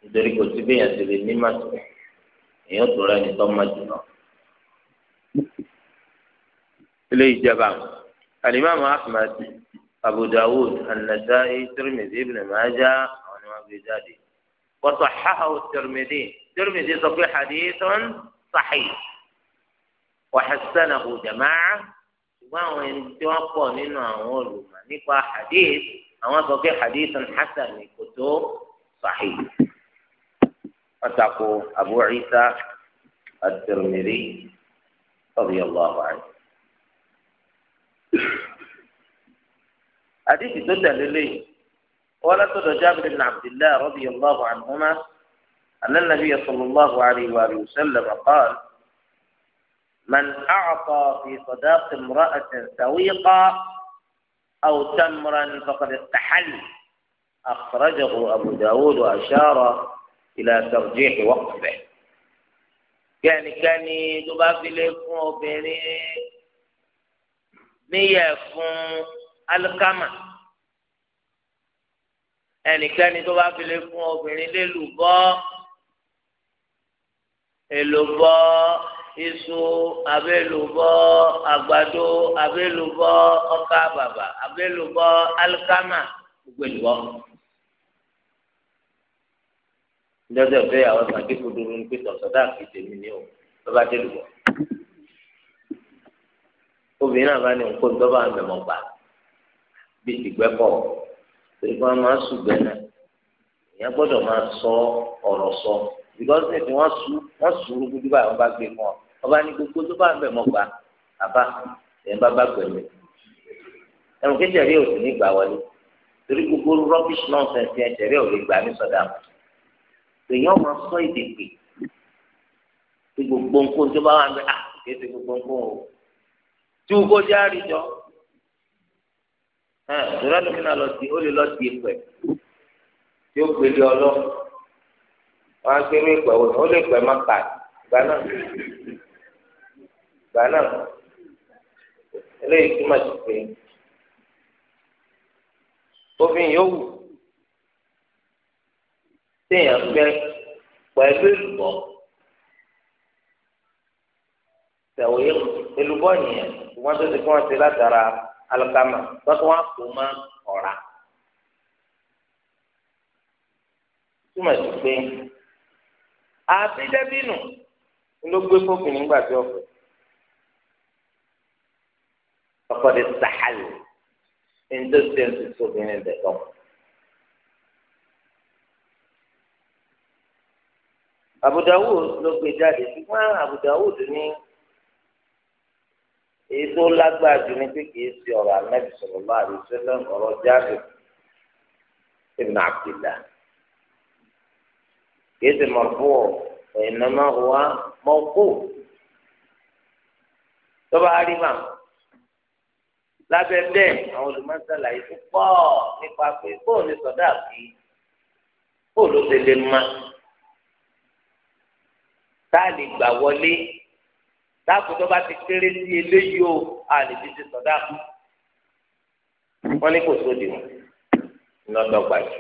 nítorí kò sí bẹ́yàn ti lè ní màtò èèyàn tó rẹ̀ ní tọ́mọ jùlọ. ilé ìjọba alimami ahmed abu dawud an-nasa'i tirmidhi ibn majah àwọn ni wọn gbé jáde. wa sahhahahu tirmidhi tirmidhi sọ pé hadithun sahih wa hassanahu jama'a ṣùgbọ́n àwọn ẹni tí wọ́n pọ̀ nínú àwọn olùmọ̀ nípa hadith àwọn sọ pé hadith hasan ni kò tó sahih pàtàkó abu isa at-tirmidhi radiyallahu anhu. hadith tó tẹ̀lé lẹ́yìn wọ́n látọ̀dọ̀ jábìrì ibn abdullahi radiyallahu anhuma anna nabiyya sallallahu alayhi wa sallam qaala. من أعطى في صداق امرأة سويقا أو تمرا فقد استحل أخرجه أبو داود وأشار إلى ترجيح وقفه يعني كان يدوب في ليكون بيني نيفون الكمال ẹnikẹ́ni tó bá fi lè fún obìnrin lélùbọ́ يعني èlùbọ́ iṣu abẹ́lùbọ́ àgbàdo abẹ́lùbọ́ ọkà bàbà abẹ́lùbọ́ alikama gbogbo ìlúbọ́. ìjọsìn ọ̀fẹ́ àwọn sàkékò dúró ní pété ọ̀sọ́dá àti tèmi ni ó bàbá dé lùbọ́. obìnrin náà bá ní nǹkan tó bá ń bẹ̀mọ̀ gbà bí ìgbẹ́kọ̀ torí pé wọ́n máa ń sùn bẹ́ẹ̀ náà èèyàn gbọ́dọ̀ máa sọ ọ̀rọ̀ sọ ìgbọ́sìn tí sùn wọ́n sùn rúgúdú báyìí wọ́n bá gbé fún ọ ọba ní gbogbo tó bá ń bẹ̀ mọ́ gbà àbá ẹ̀ ń bá bá gbẹ̀mí ẹ̀rù kéjẹ̀rí ò sì ní gbà wọlé torí gbogbo rubbish nonsense yẹn jẹ̀rí ò lè gbà ní sọ̀dà èèyàn máa sọ èdè pè tí gbogbo nǹkan tó bá wà ń bẹ̀ ah kìí ṣe gbogbo nǹkan o tí o kó jẹ́ àríjọ ẹ̀ ìrẹ́ lómi náà lọ sí ó lè lọ sí ìpẹ́ tí ó gbélé ọlọ́ wọn á gbé ní ìpẹ́ wọn ó lè pẹ́ má kà ìgbà náà ìgbà náà eléyìí túmọ̀ sí pé obìnrin yóò wù téèyàn fẹ́ pẹ̀lú èlùbọ́ tẹ̀wé èlùbọ́ yẹn wọ́n tó ti kí wọ́n ti látara alikama tọ́tù wọn kò má ọ̀ra túmọ̀ sí pé àbídẹ́bínú ló gbé fóbìnrin gbàdúrà fún ọkọ di sàhálì ntọ́ sí ẹ̀ ń tutù obìnrin bẹ̀ tọ́. Abu Dawud ló gbé jáde ṣùgbọ́n Abu Dawud ní èyí tó lágbára jù ní pé kìí ṣe ọ̀rọ̀ Ànábì sallallahu alaihi wasallam ọ̀rọ̀ jáde ibn Abdillah kìí ṣe marfu wa innama huwa mawquf lábẹ́ bẹ́ẹ̀ àwọn olùmọ̀sálàyé tó pọ̀ nípa pé bóò ní sọ̀dá àbí bóò ló ṣe lè ma tá a lè gbà wọlé táàbù tó bá ti kéré sí eléyìí o a lè fi ṣe sọ̀dá àbí wọ́n ní kò sóde wọn lọ́dọ̀gba jù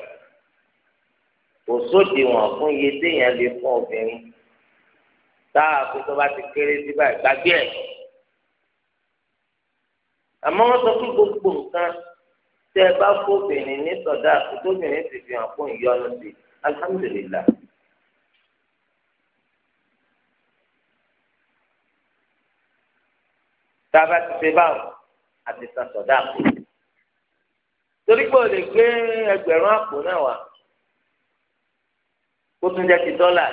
kò sóde wọn fún iye téèyàn lè fún obìnrin táàbù tó bá ti kéré sí báyìí gbàgbé ẹ̀ àmọ́ wọ́n sọ fún gbogbo nǹkan tẹ́ ẹ bá fóbìnrin ní sọ̀dá àtúntòbìnrin sì fi hàn fún ìyọnu sí alhamdulillah. tá a bá ti ṣe báwọn àti san sọ̀dá àpò. torí pé o lè gbé ẹgbẹ̀rún àpò náà wá kó tún jẹ́ ti dọ́là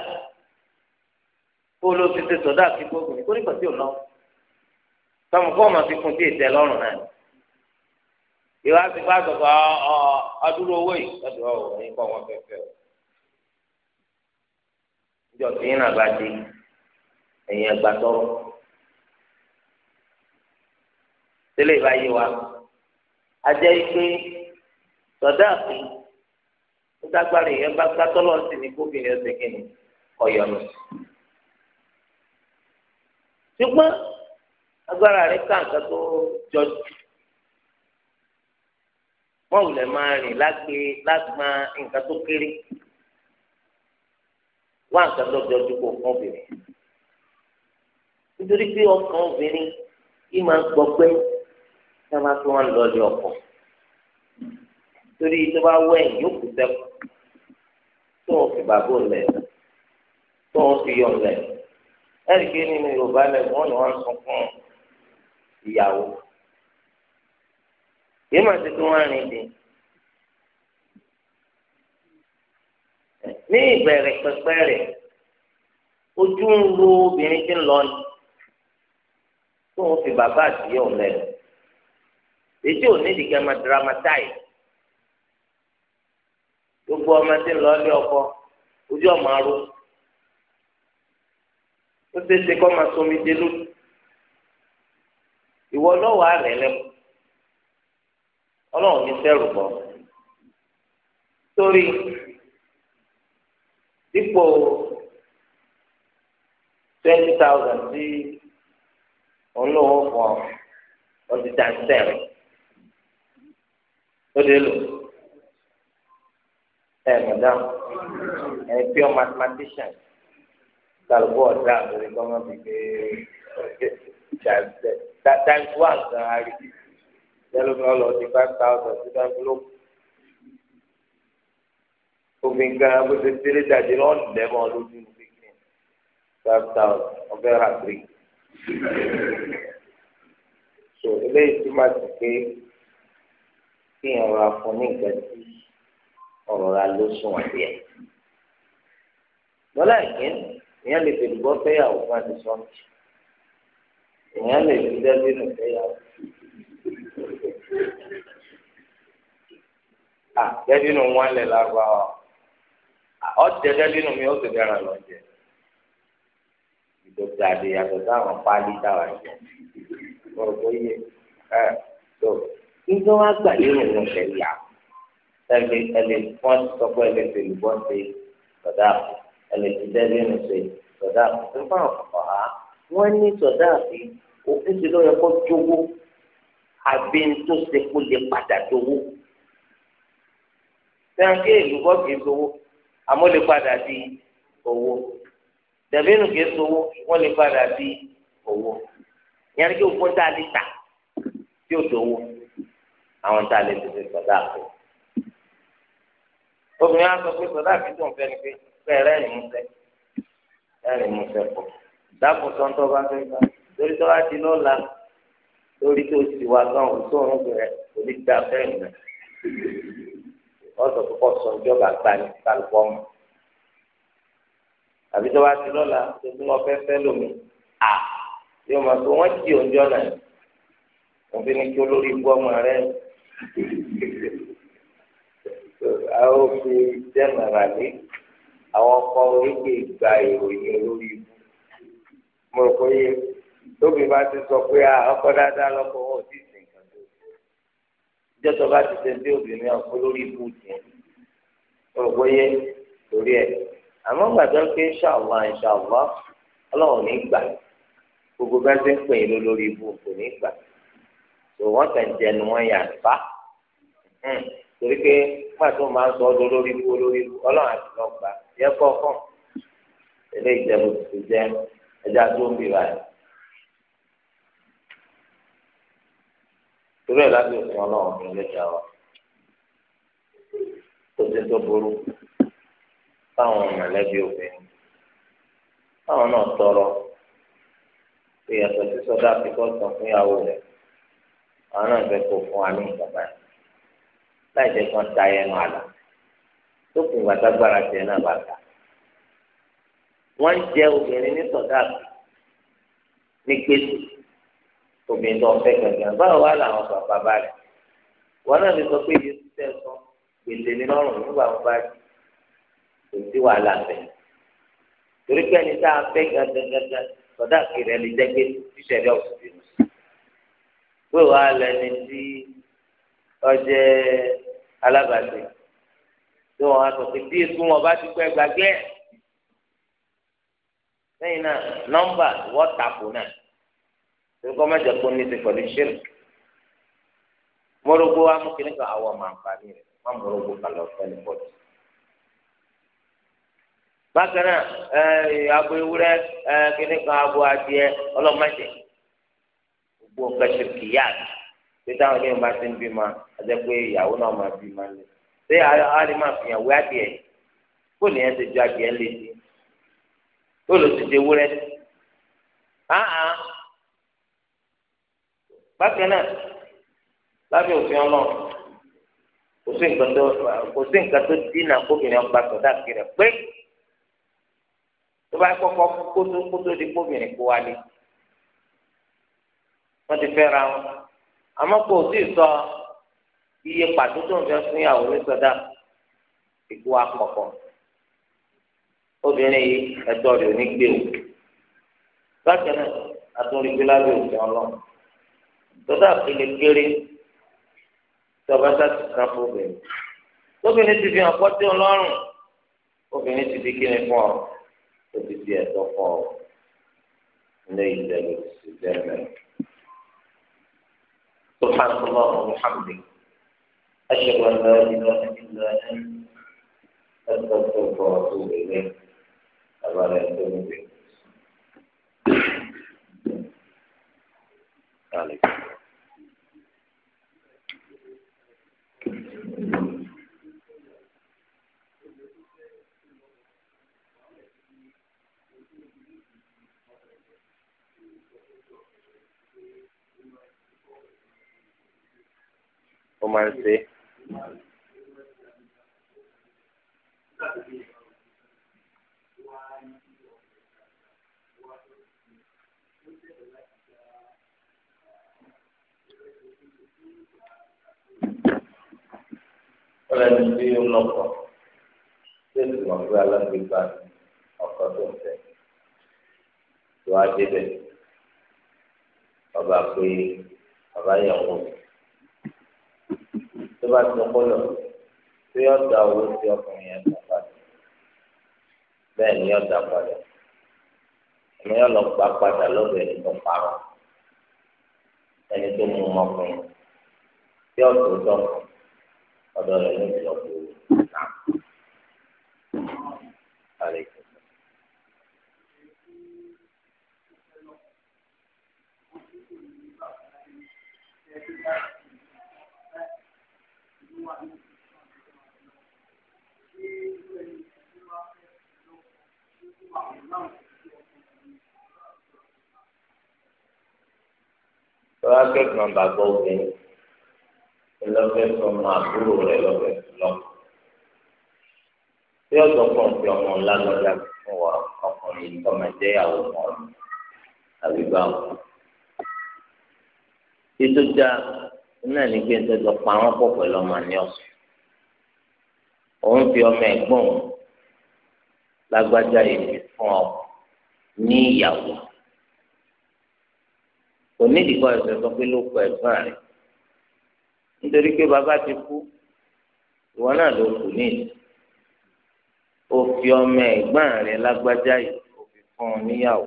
kó ló fi ṣe sọ̀dá àti gbogbo nǹkan kó nígbà tí ò náà. sọmọ kó ọmọ fi kun tí ètè lọ́rùn náà ìwà ti bá sọ̀kọ̀ ọdúró owó yìí lọ́dọ̀ ọwọ ní kọ́ wọn o ìjọ tí ń nàgbà dé ẹ̀yìn ẹgbà tọrọ tẹ́lẹ̀ ìbá yé wa ajẹ́ pé ìyẹn bá sí agbára rẹ̀ ká nǹkan tó jọjú wọn ò lè máa rìn lágbè lágbà nǹkan tó kéré wá nǹkan tó jọjú kó fún obìnrin nítorí pé ọkàn obìnrin yìí máa ń gbọ́ pé tá a bá fi wọn lọ lé ọkọ torí tó bá wẹ̀ yóò kú sẹ́kù tó wọn fi bàbá òlẹ̀ tó wọn fi yọ̀ ọ̀lẹ̀ ẹ̀rí kí nínú Yorùbá lẹ̀ wọ́n ni wọ́n sọ fún un ìyàwó yìí mà ti tún wọn rìn dé ní ìbẹ̀rẹ̀ pẹ̀pẹ̀ rẹ̀ ojú ń ro obìnrin tí ń lọ ni tó ń fi bàbá àtìyẹ òun lẹ́nu èyí ò ní ìdìgẹ́ máa dramatize gbogbo ọmọ tí ń lọ ilé ọkọ ojú ọmọ aró ó ṣeé ṣe kó máa somi dé lójú ìwọ lọ́wọ́ àrẹ̀ lẹ́kọ̀ọ́ ọlọ́run ní sẹ́rù bọ́ torí dípò twenty thousand tí olówó fún ọ wọ́n ti dá sẹ́rù ó dé lò ẹ madam ẹ pure mathematician kálukú ọ̀dà àgbèrè gọ́ọ̀mọ̀ bíi pé ìjà times one gan ari yẹlómi di five thousand sí envelope obìnrin gan bó ṣe tẹ́lẹ̀ jáde náà lẹ́mọ̀ lójú ní five thousand ọbẹ̀ rà three so eléyìí túmọ̀ sí pé kí n rọra fún ní nǹkan tí ọ̀rọ̀ ra ló sùn àti ẹ̀ lọ́la ìkíni ìyẹn lè fèrè gbọ́ fẹ́yàwó fún àti sọ́ọ̀tì èèyàn lè fi dẹ́bí nù fẹ́yàwó. à dẹ́bí nù wọn lè lágbá wa ọ̀jẹ̀ dẹ́bí nù mi ó sì dára lọ jẹ ìdókítà àti yàtọ̀ sáwọn páálí táwa jẹ ọ̀rọ̀ yẹ ẹ tó nígbà wọn gbà lérò wọn ṣẹlẹ̀ ẹlẹ ẹlẹ wọn sọ pé ẹlẹ tẹlẹ bọ́ ṣe sọdá ẹlẹ ti dẹ́bí nù ṣe sọdá tó fún àwọn wọn ní sọdá àfi òfin sì ló yẹ kó jówó àbí tó ṣe kó lè padà dówó sẹ́ńkì ìlú bọ́ kì í sowó àmọ́ lè padà di owó dẹ̀bínú kì í sowó wọ́n lè padà di owó yẹn ní kí ogun tá a lè tà tí ó dòwó àwọn tá a lè tètè sọ̀dá àpò obìnrin á sọ pé sọ̀dá àpò tó ń fẹ́ ni pé bẹ́ẹ̀ rẹ́rìn-ín mú sẹ́ rẹ́rìn-ín mú sẹ́ pọ̀ dáàbò tó bá fẹ́ gbà lórí tó bá ti lọ́la lórí tó ti wà tán òṣòro rẹ̀ kò ní da fẹ́ẹ̀ rẹ̀ ọ̀sọ̀ tó kọ̀ sọ ìjọba gbani kálukọ́ mọ́ àbí tó bá ti lọ́la tó bí wọ́n fẹ́ fẹ́ lómi à yóò máa tó wọ́n jí òǹjọ́ náà wọ́n fi ní kí olórí bú ọmọ rẹ̀ àwọn òfin jẹ́ màràlí àwọn ọkọ̀ oríkèé gba ìròyìn olórí ibú mo rò pé tóbi bá ti sọ pé ah, ọkọ dáadáa lọkọ wọn ò tí ì sìn kan tó ìjọ tó bá ti sẹ́ńdé obìnrin ọkọ lórí ibú tiẹ̀ ọ̀rọ̀ yẹ lórí ẹ̀ àmọ́ gbàgbọ́ pé ṣàlùwà ṣàlùwà ọlọ́run ní gbà gbogbo bá ti ń pè é lórí ibú kò ní gbà tó wọ́n kàn jẹnu wọn yà bá hmm. torí pé pàtó máa ń sọ ọdún lórí ibú lórí ibú ọlọ́run àti lọ́gbà yẹ kọ́kọ́ ilé ìjẹun ti jẹ ẹja tó ń bì báyìí. torí ẹ̀ lábẹ́ òfin ọlọ́run ọ̀gbìn lẹ́jà wa tó ti tó burú fáwọn mọ̀lẹ́bí obìnrin fáwọn náà tọrọ ìyàtọ̀ sí sọ́dá àfikọ́ sàn fún àwọn náà fẹ́ kó fún wa ní ìjọba yìí láì jẹ́ kí wọ́n ta ẹnu àlà tó kùn gbàdágbára náà bá ta wọ́n ń obìnrin tó ń fẹ́ gangan báwo wá làwọn bàbá bá rẹ̀ wọn náà lè sọ pé iye tẹ sọ gbèsè ní lọ́rùn nígbà wọn bá jù kò sí wàhálà bẹ́ẹ̀ torí pé ẹni tá a fẹ́ gangan gangan sọdá kiri ẹni jẹ́ pé tíṣẹ̀lẹ̀ ọ̀sùn bínú pé wàá lẹni tí ọjẹ́ alábàáṣe tí wọn sọ pé tí èso wọn bá ti pẹ́ gbàgbé lẹ́yìn náà nọ́mbà wọ́tàpù náà torí kọ́ mẹ́jọ kó ní ti pẹ̀lú ṣírk mọ́rọ́gbó wa mú kíní kan àwọn máa ń parí rẹ̀ má mọ́rọ́gbó kalọ̀ fẹ́ni pọ̀jù. bákan náà abo ewúrẹ́ kíní kan abo adìẹ ọlọ́mọdé gbogbo nǹkan ṣìrìkì yá pé táwọn ilé ìwọ̀n bá ti ń bímọ ajẹ́ pé ìyàwó náà máa bímọ ní. ṣé àárí máa fi hàn adìẹ kó nìyẹn ti ju adìẹ létí kó ló ti di bákan náà lábẹ́ òfin ọlọ́run kò sí nǹkan tó kò sí nǹkan tó dínà kóbìnrin ọgbà sọ̀dá kiri pé tó bá kọ́kọ́ kótó kótó di kóbìnrin kó wálé wọ́n ti fẹ́ ra wọn àmọ́ kò sí sọ iye pàtó tó ń fẹ́ fún ìyàwó ní sọ̀dá ìkú akọ̀kọ̀ obìnrin yìí ẹ̀tọ́ rẹ̀ ò ní gbé o bákan náà àtúndínlábẹ́ òfin ọlọ́run tọ́tà ìlè kéré tọba sáti kan fún obìnrin tóbìnrin ti fi hàn pọ́tí ọlọ́run obìnrin ti fi kíni fún ọ ó ti fi ẹ̀tọ́ fún ọ ilé ìdẹ́gbẹ̀ ti dẹ́gbẹ̀. سبحانك اللهم وبحمدك أشهد أن لا إله إلا أنت أستغفرك وأتوب إليك أبدا أتوب إليك عليكم ó máa ń ṣe é. ọlọ́ni tí ó lọ́kọ̀ tí ó sì mọ̀ pé alágbèéká ọkọ̀ tó ń tẹ̀ tó á débẹ̀ ọba pé bàbá yẹn wọ̀ mí tó bá ti kó lọ tó yọ da owó sí ọkùnrin yẹn kan padà bẹ́ẹ̀ ni yọ da padà ẹni yọ lọ gba padà lọ́dọ̀ ẹni tó parọ́ ẹni tó mú ọkùnrin tí ọ̀tún tọ̀ ọ̀dọ̀ rẹ̀ ló ti ọkùnrin náà. Thank you tọ́lá kẹ́kọ̀ọ́ náà bàbá obìnrin ẹlọ́fẹ́ sọmọ àbúrò rẹ lọ́fẹ́ lọ. bí ọ̀sán kan fi ọmọ lágbájá fún wa ọkùnrin tọmọdé àwọn ọmọ rẹ àbí báwo. ètò dáa náà ní pé nítorí ọ̀pọ̀ àwọn pọ̀ pẹ̀lú ọmọ ní ọ̀sán òun fi ọmọ ẹ̀gbọ́n lágbájá yìí fún ọ ní ìyàwó kò ní ìdíkọ ẹ̀sẹ̀ sọ pé ló kọ ẹ̀gbọ́n rẹ̀ nítorí pé bàbá ti kú ìwọ náà ló kù ní ìlú ó fi ọmọ ẹ̀gbọ́n rẹ̀ lágbájá yìí fún ọ níyàwó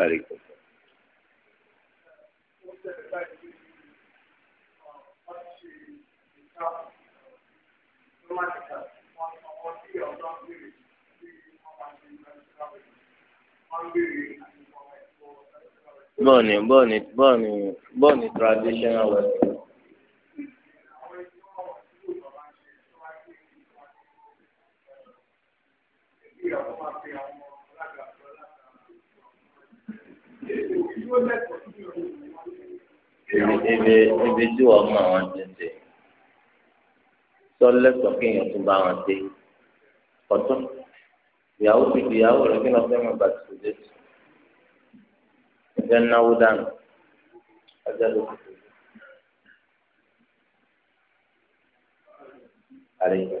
عليكم bọ́ọ̀nì bọ́ọ̀nì bọ́ọ̀nì bọ́ọ̀nì traditional wedding. ibi ibi tí wọn mọ àwọn ti ń ṣe sọlẹsọ kéèyàn tún bá wọn ṣe ọtún ìyàwó ti di ìyàwó rẹ kí wọn fẹẹ máa bàtí kò dé tù ẹgbẹ náwó dànù ọjọ́ ló kù. Aleyhi wa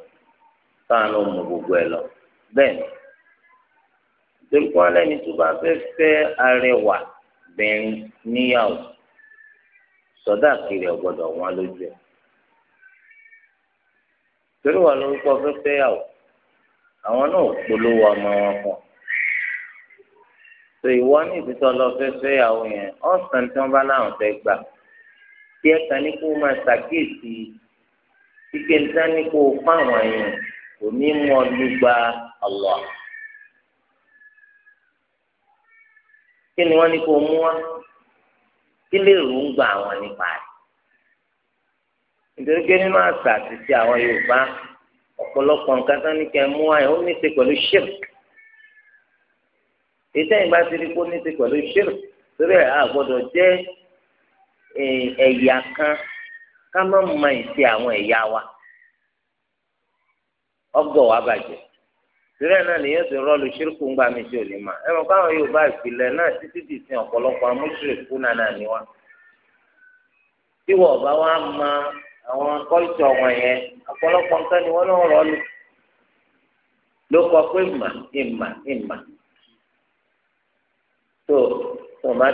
káwọn náà mọ gbogbo ẹ lọ bẹ́ẹ̀ nítorí kí wọn lẹni tó bá fẹ́ fẹ́ arẹwà bẹ̀rin níyàwó sọdá kiri ọgbọ́dọ̀ wọn lójú ẹ torí wọn lórúkọ fẹ́ fẹ́ yàwó àwọn náà polówó ọmọ wọn kan tó ìwọ ní ìtítọ́ lọ fẹ́ fẹ́ yàwó yẹn ọ̀sán tí wọ́n bá láwọn fẹ́ gbà tí ẹ kàn ní kó máa ṣàkíyèsí ike níta ní kó fáwọn yẹn kò ní mọ lùgbà ọlọ kí ni wọ́n ní kó mú wá kí lè rògbà àwọn nípa rẹ̀ nítorí pé nínú àṣà àti ti àwọn Yorùbá ọ̀pọ̀lọpọ̀ nǹkan tán ní kẹ́ mú àyàn ó ní ṣe pẹ̀lú ṣírk ìtẹ́ ìgbà tí ní kó ní ṣe pẹ̀lú ṣírk torí ẹ̀ àgbọ́dọ̀ jẹ́ ẹ̀yà kan ká má ma ìṣe àwọn ẹ̀yà wa ọgọ wa bàjẹ́ sílẹ̀ náà nìyẹn ti rọ́ọ̀lù ṣírkù ń gbà tí ò ní ma ẹ̀rọ káwọn yorùbá ìpìlẹ̀ náà títí di sin wa ma àwọn kọ́lítọ̀ wọn yẹn ọ̀pọ̀lọpọ̀ nǹkan ni náà ló kọ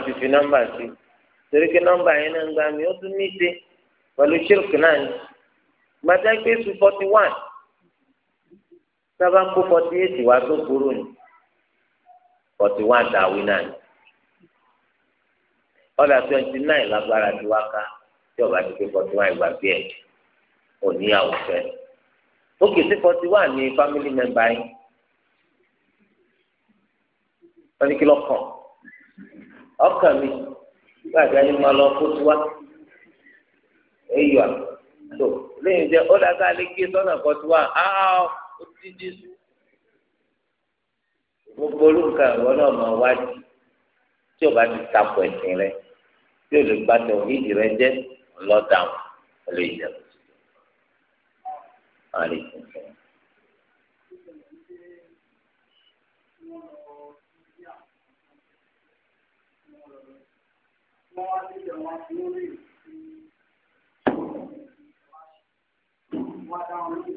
ti fi sí torí pé yẹn náà ń gbà mí ó tún ní ṣe ṣírkù náà sábà ń kó forty eight wá tó forty one náà ni ọ̀dà twenty nine lágbára ti wá ká tí ọba ti pé forty one ìgbà bí ẹ̀ ò ní àwùjọ sí forty one ní family member yín wọ́n ní kí lọ́kàn ọkàn mi gbàgbé ẹni máa lọ ó ti Jésù gbogbo olùkà ìwọ náà máa wájú tí o bá ti takò ẹ̀sìn rẹ tí o lè gba tòhídì rẹ jẹ lọ́dà lè jẹ. Thank you.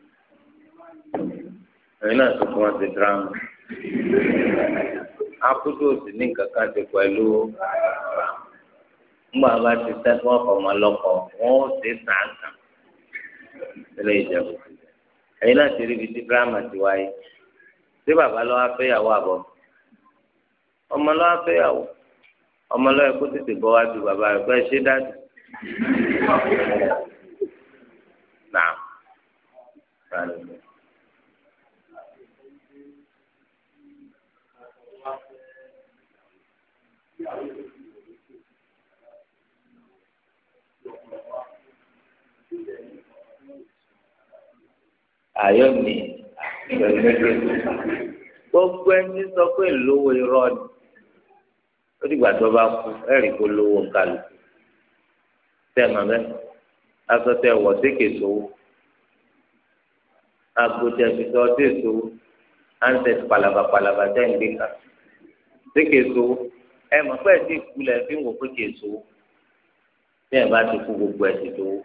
ẹ̀yin náà tó fún wọn ti dírámù akutu òsì ní kankan ti pẹ̀lú ńgbà bá ti tẹ́ fún ọkọ̀mọ lọ́kọ̀ wọ́n ó sì sàn kàn sílẹ̀ ìjẹ̀bù ẹ̀yin náà ti rí ibi tí dírámù ti wáyé tí bàbá lọ́wọ́ fẹ́yàwó àbọ̀ ọmọ lọ́wọ́ fẹ́yàwó ọmọ lọ́wọ́ kó tètè bọ́ wá ju bàbá rẹ̀ pé ṣé dájú. Naam. Right. àyọ mi gbogbo ẹni sọ pé lówó irọ́ ni ó dìgbà tó bá kú ẹ̀rí kó lówó kálukú tẹ́ ẹ̀ mọ̀ bẹ́ẹ̀ aṣọ tẹ wọ̀ sékè sówó agbóde ẹ̀fìtì ọtí sówó ansẹt palaba palaba tẹ́ ń gbé kà sékè sówó ẹ̀ mọ̀ pé ẹ̀ ti kulẹ̀ fi ń wò pé kè sówó tẹ́ ẹ̀ bá ti kú gbogbo ẹ̀ ti sówó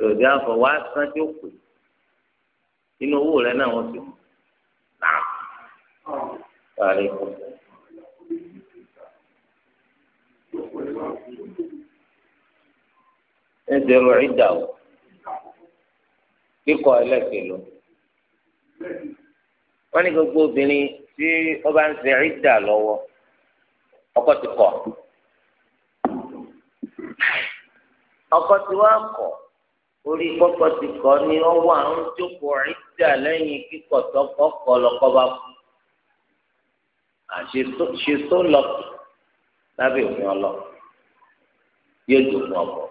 tòdì àfọ wá sàn tí ó pè inú owó rẹ náà wọ́n ti mú náà parí kù. ẹ zẹrọ ìdá o kíkọ ẹlẹ́sìn lọ wọ́n ní gbogbo obìnrin tí wọ́n bá ń ṣe ìdá lọ́wọ́ ọkọ ti kọ̀ ọkọ ti wá kọ̀ orí kọ́kọ́ ti kọ́ ni ó wà ń jókòó ìdá lẹ́yìn kíkọ̀ tọkọ kọ lọ́kọ́ bá kú. àṣe tó lọ lábẹ́ òfin ọlọ yóò dùn ọ̀pọ̀.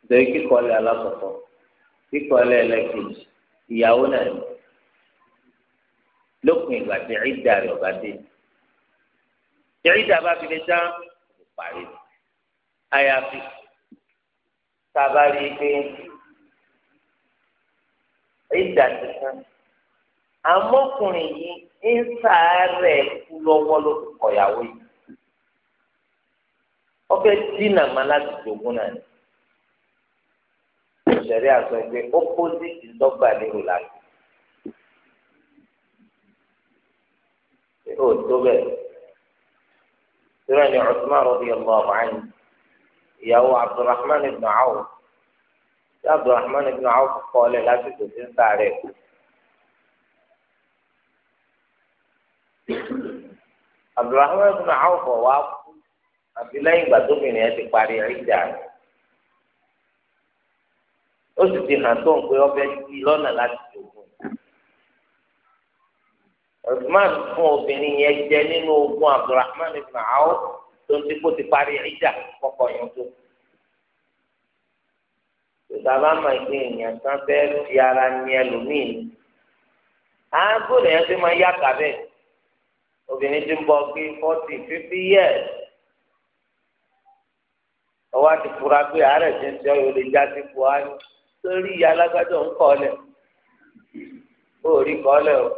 nítorí kíkọ́ ilé alákọ̀ọ́kọ́ kíkọ́ ilé ẹlẹ́kejì ìyàwó náà ni lópin ìgbà tí ìdá rẹ̀ ọ̀gá dé. tí ìdá bá fi lè dá ìparí àyàfi tá a bá rí i pé ìdá tuntun àmọ́kùnrin yìí ń sàárẹ̀ kú lọ́wọ́ ló ti kọ̀yàwó yìí ọbẹ̀ dínà máa láti jogún náà ni ìṣẹ̀rí àsọ pé opposite dọ́gba lérò láti. ó tó bẹ́ẹ̀. sọ́ra ni Uthman radiyallahu anhu ìyàwó abdulrahman ibn awf tí abdulrahman ibn awf kọ́ ọ lẹ̀ lásìkò tí ń sáré kù. abdulrahman ibn awf wà kú àti lẹ́yìn ìgbà tó bìnrin ẹ ti parí ẹ̀ríjà rẹ̀ ó sì ti hàn tó ń pé ọbẹ̀ ti lọ́nà láti jogún Usman fún obìnrin yẹn jẹ nínú ogún abdulrahman ibn awf tó ń tipó ti parí ìjà kọkọ yẹn tó. Ìgbà bá mọ̀ pé èèyàn kan fẹ́ fi ara ní ẹlòmíì ni. Aago lèyàn fi máa yá kàbẹ̀. Obìnrin ti ń bọ̀ pé forty fifty years. Ọwọ́ àti fura pé àárẹ̀ ti ń sọ yóò lè já sí Buhari. Sórí ìyá alágbájọ́ ń kọ́ lẹ̀. Ó rí kọ́ lẹ̀ o.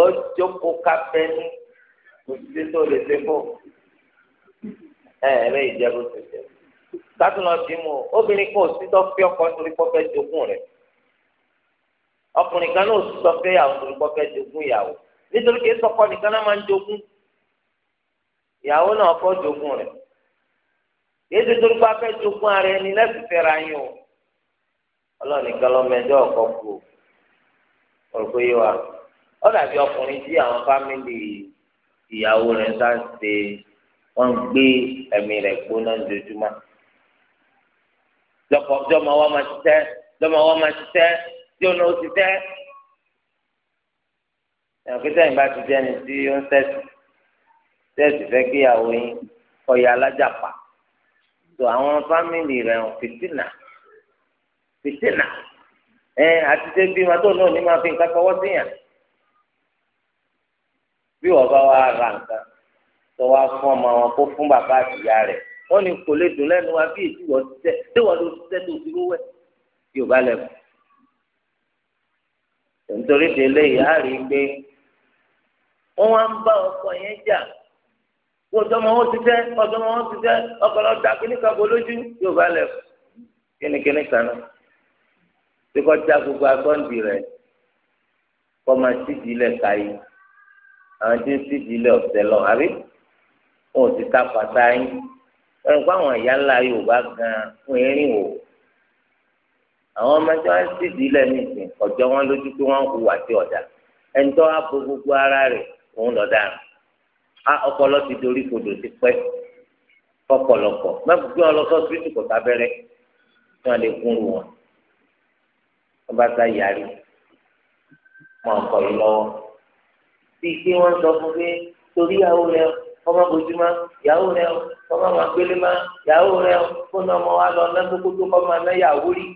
Ó jókòó kápẹ́ ní òṣìṣẹ́ tó lè ṣe fún un. ẹ ẹlẹ́ ìjẹ́bù ti jẹ́ sátún lọ sí mu obìnrin kan ò sí ọkọ nítorí pọ́ fẹ́ jogún rẹ̀ ọkùnrin kan náà ò sí tó fẹ́ nítorí pọ́ jogún nítorí kí nìkan ara ẹni yín o kú o yìí wa dàbí ọkùnrin tí wọ́n gbé ẹ̀mí rẹ̀ gbóná lójúmọ́ lọ́kọ̀ jọ́mọ wọn máa ṣiṣẹ́ jọ́mọ wọn máa ṣiṣẹ́ tí ó náà ṣiṣẹ́ ẹ̀kútẹ́ yìí bá ti jẹ́ ni tí ó ń tẹ̀sí tẹ̀sí fẹ́ kíyàwó yín ọ̀yà alájàpá tó àwọn fámìlì rẹ̀ ń fìtínà fìtínà ẹ àti tẹ́ bí wọn tó náà ní máa fi nǹkan fọwọ́ síyàn bí wọ́n bá wà ra nǹkan tó wá fún ọmọ wọn kó fún bàbá àtìyá rẹ̀ wọ́n ní kò lè dùn lẹ́nu wa bí èyí wọ́n ti tẹ́ tí wọ́n ló ti tẹ́ tó fi wúwẹ́ yóò bá lẹ́kọ̀ọ́. nítorí délé yìí á rí i pé wọ́n wá ń bá ọkọ yẹn jà kó ọjọ́mọ wọn ti tẹ́ ọjọ́mọ wọn ti tẹ́ ọkọ lọ da kíní kan bolójú yóò bá lẹ́kọ̀ọ́ kínníkínní kan náà tí kò já gbogbo agbọ́ǹdì rẹ̀ kọ́ máa sídìí lẹ̀ káyé àwọn tí ń sídìí lẹ̀ ọ̀sẹ̀ lọ àbí wọn ò ti ta pàtà yín wọn kó àwọn ìyá ńlá yorùbá gan fún erin wò àwọn ọmọ tí wọn sì dì í lẹ́nu ìsìn ọjọ́ wọn lójú pé wọn hùwà sí ọ̀dà ẹni tó wá bo gbogbo ara rẹ̀ òun lọ dára a ọpọlọ ti dorí kodò ti pẹ́ fọpọlọpọ mẹfùkú ọlọsọ síríìtì kò sábẹ́rẹ́ tí wọn lè kún wọn wọn bá sá yàrí wọn kọ yìí lọ́wọ́ bí pé wọn sọ fún pé torí àwọn yẹn kọ́mọ bójúmá yàwó rẹ o kọ́mọ máa gbélé má yàwó rẹ o kó náà mọ wá lọ ná kókótó kọ́mọ ná yàwó rí.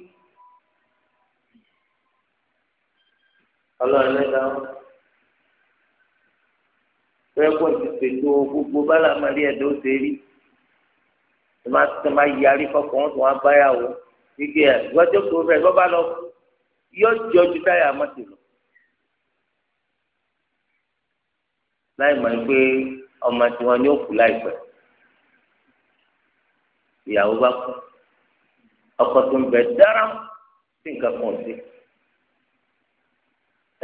ọlọ́run lẹ́ka wọn. pẹ́ẹ́kọ̀ ti ṣètò gbogbo bálá màlẹ́ ẹ̀dọ́ ṣe rí. ẹ má tẹ má yarí fọkàn wọn tó wọn báyàwó. gbígbé ẹ gbọ́dọ̀ tó rẹ̀ gbọ́ bá lọ yọ jọ ju táyà mọ́tò lọ. láì mọ̀ pé ọmọ tí wọn ní òkú láìpẹ́ ìyàwó bá kú ọkọ tó ń bẹ dára sí nǹkan kan sí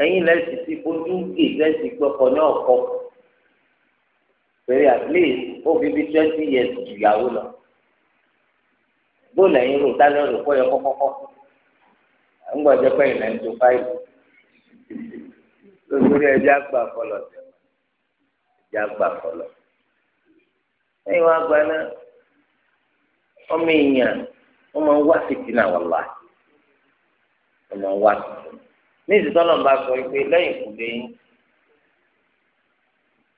ẹ̀yin lẹsì tí bójú gè lẹsì gbọkọ ní ọkọ pẹ̀lú at least ó twenty years ju ìyàwó lọ bóòlù ẹ̀yin rò dálẹ rò kọ yẹ kọkọkọ ń gbọ́dọ̀ pé ìlànà tó fáìlì lórí ẹjẹ àgbà fọlọsẹ já gbà fọlọ lẹ́yìn wọn àgbà náà ọmọ èèyàn wọn máa ń wá fìtínà wàlá wọn máa ń wá fìtínà ní ìsìtọ́nà bá sọ pé lẹ́yìn kù lẹ́yìn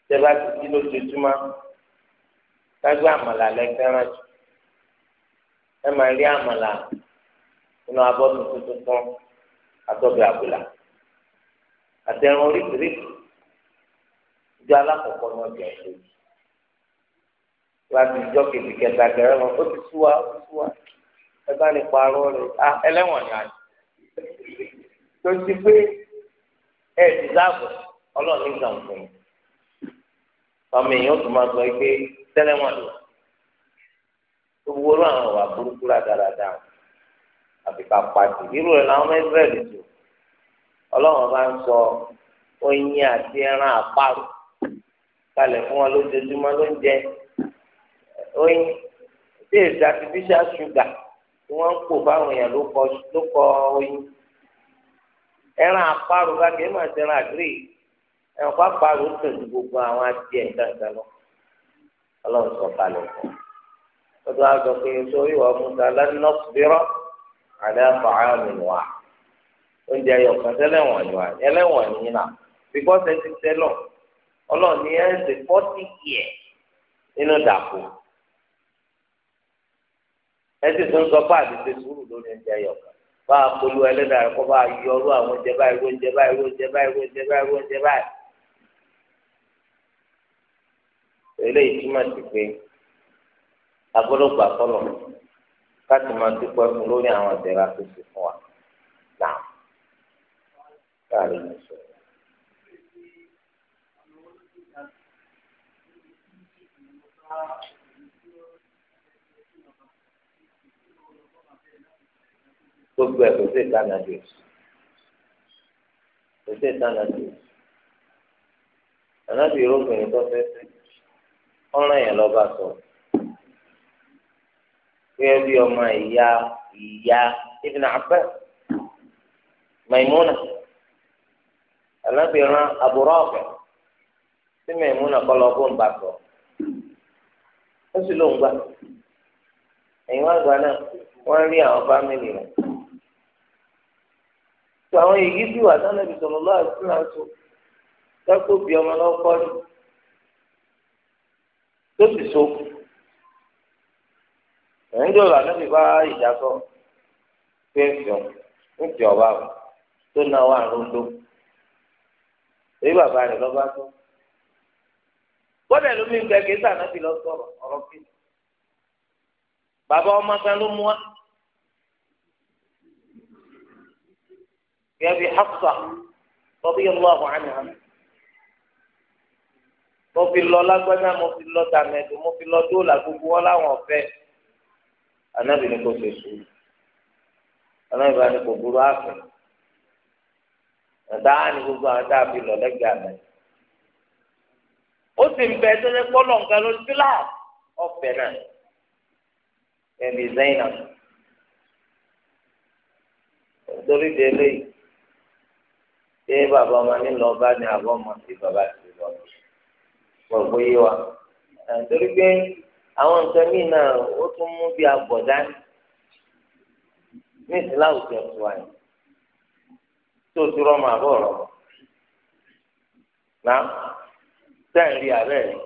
tẹ́lá ti di lójoojúmọ́ kájú àmàlà lẹ́gbẹ̀rún jù ẹ rí àmàlà nínú abọ́ tuntun tuntun àtọ́bẹ̀ àbùlà àtẹ̀rùn oríṣiríṣi. ìjọ alákọ̀ọ́kọ́ ní ọjà ìlú láti ìjọ kejì kẹta kẹrẹ wọn ó ti sú ó ti sú ẹ bá lè parọ́ ẹlẹ́wọ̀n ni àná tó ti pé ẹ ti dáàbò ọlọ́ọ̀ni fún ọmọ èèyàn tó máa sọ pé tẹ́lẹ̀wọ̀n lò gbogbo àwọn ọ̀wà burúkú irú kalẹ̀ fún wa lójoojúmọ́ ló ń jẹ oyin tí èsì artificial sugar tí wọ́n ń pò fáwọn èèyàn ló kọ ló kọ oyin ẹran àparò bá kì í máa ṣe ẹran àgírí ẹran pàparò ń tẹ̀sí gbogbo àwọn adìẹ nǹkan lọ ọlọ́run sọ kalẹ̀ fún un lọ́dọ̀ àgọ́ pé sórí ìwà ọmọdé alánọ́ọ̀sì bírọ̀ àdá mi wà oúnjẹ ayọ̀kan tẹ́lẹ̀ wọ̀nyí wà ẹlẹ́wọ̀n yìí nà bíkọ́sẹ̀ ti tẹ́lọ̀ ọlọ́run ní ẹ ń ṣe fọ́tí yẹ nínú dàpọ ẹ sì tún sọ pé àdìsẹ sùúrù lórí ẹjẹ yọkan bá a polú ẹlẹ́dàá rẹ kó bá a yọ ọrú àwọn oúnjẹ báyìí oúnjẹ báyìí oúnjẹ báyìí oúnjẹ báyìí oúnjẹ báyìí. eléyìí túmọ̀ sí pé agbọ́dọ̀ gbà sọ́nà káàtì máa dúpọ̀ fún lórí àwọn ìdẹ̀ra tó ṣe wa náà. Káàrin ní gbogbo ẹ kò sí ìtànà dè kò sí ìtànà dè ànábì irúgbìn tó fẹ́ sí ọ̀ràn yẹn lọ́ba sọ gẹ́gẹ́ bí ọmọ ìyá ìyá Ibn Abbas Maimuna ànábì ran Abu Rafi sí Maimuna kọ́ lọ́ọ́ bó ń bá sọ ó sì lóun gbà ẹ̀yìn wá gbà náà wọ́n rí àwọn fámìlì rẹ̀ tó àwọn èyí bí wà sánà bí sọ̀rọ̀ lọ́wọ́ àti náà tó dákó bí ọmọ náà kọ́ ni tó sì so ẹ̀ ń jọ̀rọ̀ àná bí bá ìjà sọ pé ń fi ọ̀hún ń fi ọ̀bá tó náà wà lóńdó èyí bàbá rẹ̀ lọ́ba tó bọ́dẹ̀ lómi ń bẹ kéésà náà ti lọ sọ̀rọ̀ ọ̀rọ̀ kí bàbá ọmọ kan ló mú wa gẹ́gẹ́ bí Hafsa tọ́bí yẹn lọ́wọ́ àwọn àná mo fi lọ lágbájá mo fi lọ tàmẹ̀dù mo fi lọ dóòlà gbogbo wọn láwọn ọ̀fẹ́ anábì ní kò ṣe sùúrù anábì bá ní kò burú àfẹ́ ẹ̀dá ni gbogbo àwọn tá a fi lọ lẹ́gbẹ̀ẹ́ àmẹ́yìn ó sì ń bẹ tẹ́lẹ̀ pọ́lọ̀ nǹkan ló sí láà ọ̀fẹ́ náà ẹ̀mí zẹ́yìnà nítorí délé ṣé bàbá ọmọ ní lọ bá ní àbọ̀ ọmọ sí bàbá sí lọ gbogbo yé wa nítorí pé àwọn nǹkan míì náà ó tún mú bí agbọ̀dá ní ìsìlá òkè ọ̀tún wa yìí tó o ti rọ́ọ̀mù àbọ̀ ọ̀rọ̀ náà. sẹ́ẹ̀rì abẹ́ rẹ̀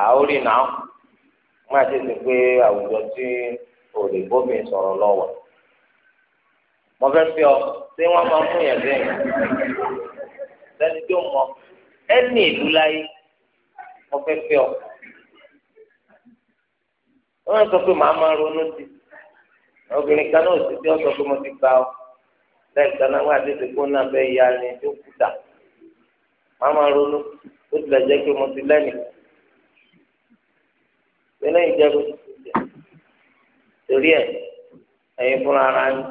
àórí náà má ṣe ti pé àwùjọ tí òde gómìn sọ̀rọ̀ lọ́wọ́ mo fẹ́ fi ọ ṣé wọ́n máa mú yẹn bẹ́ẹ̀ lẹ́ni tó mọ ẹni ìlú láyé mo fẹ́ fi ọ wọ́n sọ pé màá máa ronú ti obìnrin kan náà sì ti ọ sọ pé mo ti gbà ọ lẹ́yìn náà àti náà ya ni tó kú dà màá ó ti lẹ̀ jẹ́ pé mo ti lẹ́nu ìpínlẹ̀ ìjẹ́bù torí ẹ̀ ẹ̀yin fúnra ara ni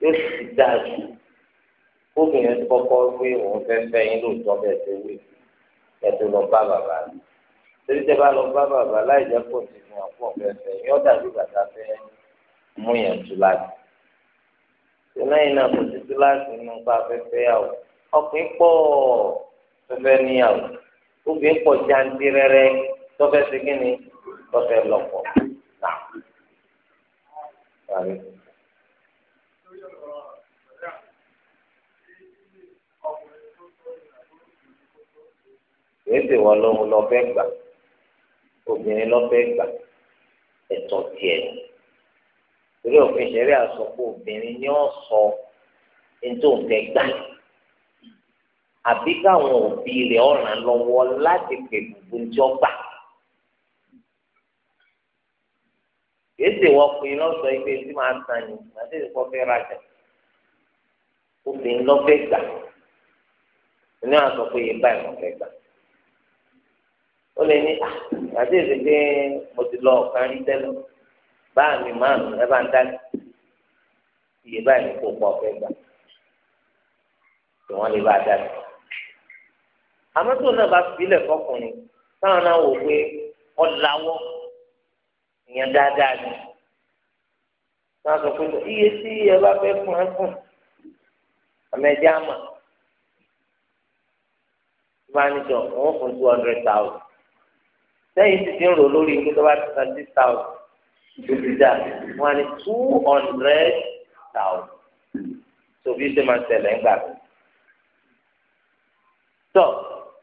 yóò sì dáa jù obìnrin ti kọ́kọ́ pé òun fẹ́ fẹ́ yín lóòótọ́ bẹ́ẹ̀ tó wí ẹ̀ tó lọ bá bàbá rẹ̀ torí tẹ́ bá lọ bá bàbá láì jẹ́ pọ̀ sí fún ọ̀pọ̀ fẹ́ yín ó dàbí bàtà fẹ́ mú yẹn tu láti ṣe lẹ́yìn náà tu láti nínú pa afẹ́fẹ́ yà ó ọkùnrin pọ̀ ọ́ fẹ́fẹ́ níyàwó obìnrin pọ̀ jáde rẹ́rẹ́ tọ́fẹ́ sí kí ni tọ́fẹ́ lọ́pọ̀ náà. èsì wọn ló ń lọ fẹ́ gbà obìnrin lọ fẹ́ gbà ẹ̀tọ́ tiẹ̀ torí òfin ṣẹlẹ̀ àsọpọ̀ obìnrin ni ó sọ ní tó ń fẹ́ gbà yìí àbí káwọn òbí rẹ̀ ọ̀ràn lọ́wọ́ láti pè gbogbo ìjọba. èsì wọ́n pin lọ́sọ̀ ipe tí máa tàn ní àti ìkọ́ fẹ́ rajà obìnrin lọ́fẹ́ gbà ní àwọn sọ pé yẹn báyìí wọ́n fẹ́ gbà ó lè ní àti èsì pé mo ti lọ ọ̀kan rí tẹ́lẹ̀ báà mi máa mi ẹ bá ń dá iye báyìí kó pọ̀ fẹ́ gbà tí wọ́n lè bá a dá sí àmọ́ tó náà bá filẹ̀ fọkùnrin táwọn náà wò pé ọ̀làwọ́ ìyẹn dáadáa ni náà sọ pé iye tí ẹ bá fẹ́ fún ẹ fún àmẹ́jẹ́ àmà ìbánijọ wọn fún two hundred thousand sẹ́yìn ti ti ń rò lórí ilé tó bá ti san six thousand tòbí dà wọn ni two hundred thousand tòbí ṣe máa tẹ̀lé ńgbà tó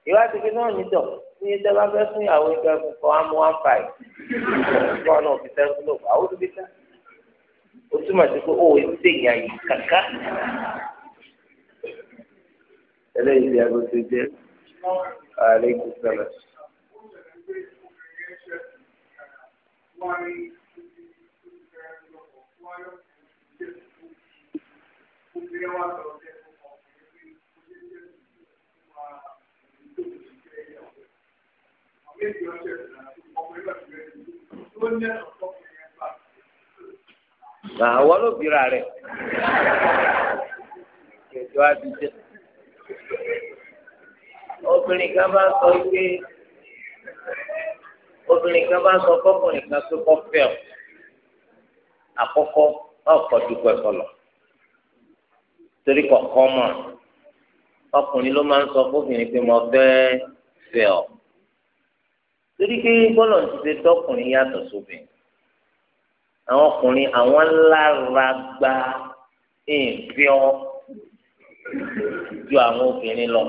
ìwádìí kí náà nìjọ ní ìjọba bá fẹ́ fún ìyàwó ìjọ ẹ̀kún kan á mú one five fún ọ̀nà òfìsẹ́ ńlò àwọn olùbíkà o túmọ̀ sí pé ó ń sèyàn yìí kàkà eléyìí ti aago ti jẹ àlékún sọlá. Thank you. méjì ọjọ́ ìrìnà ọmọ ẹgbẹ́ ìrìnà tó ní ẹ̀sọ́ àwọn ló bira rẹ ètò àbíjẹ obìnrin kan bá sọ pé obìnrin kan bá sọ fọkùnrin kan pé kọ fẹ́ ọ àkọ́kọ́ ọkọ dúpẹ́ kọlọ torí kọkọ mọ ọkùnrin ló máa ń sọ fóbìnrin pé mo fẹ́ fẹ́ ọ torí pé bọ́lọ̀ ti ṣe tọkùnrin yàtọ̀ sóbìn àwọn ọkùnrin àwọn lára gba èèfíọ́ ju àwọn obìnrin lọ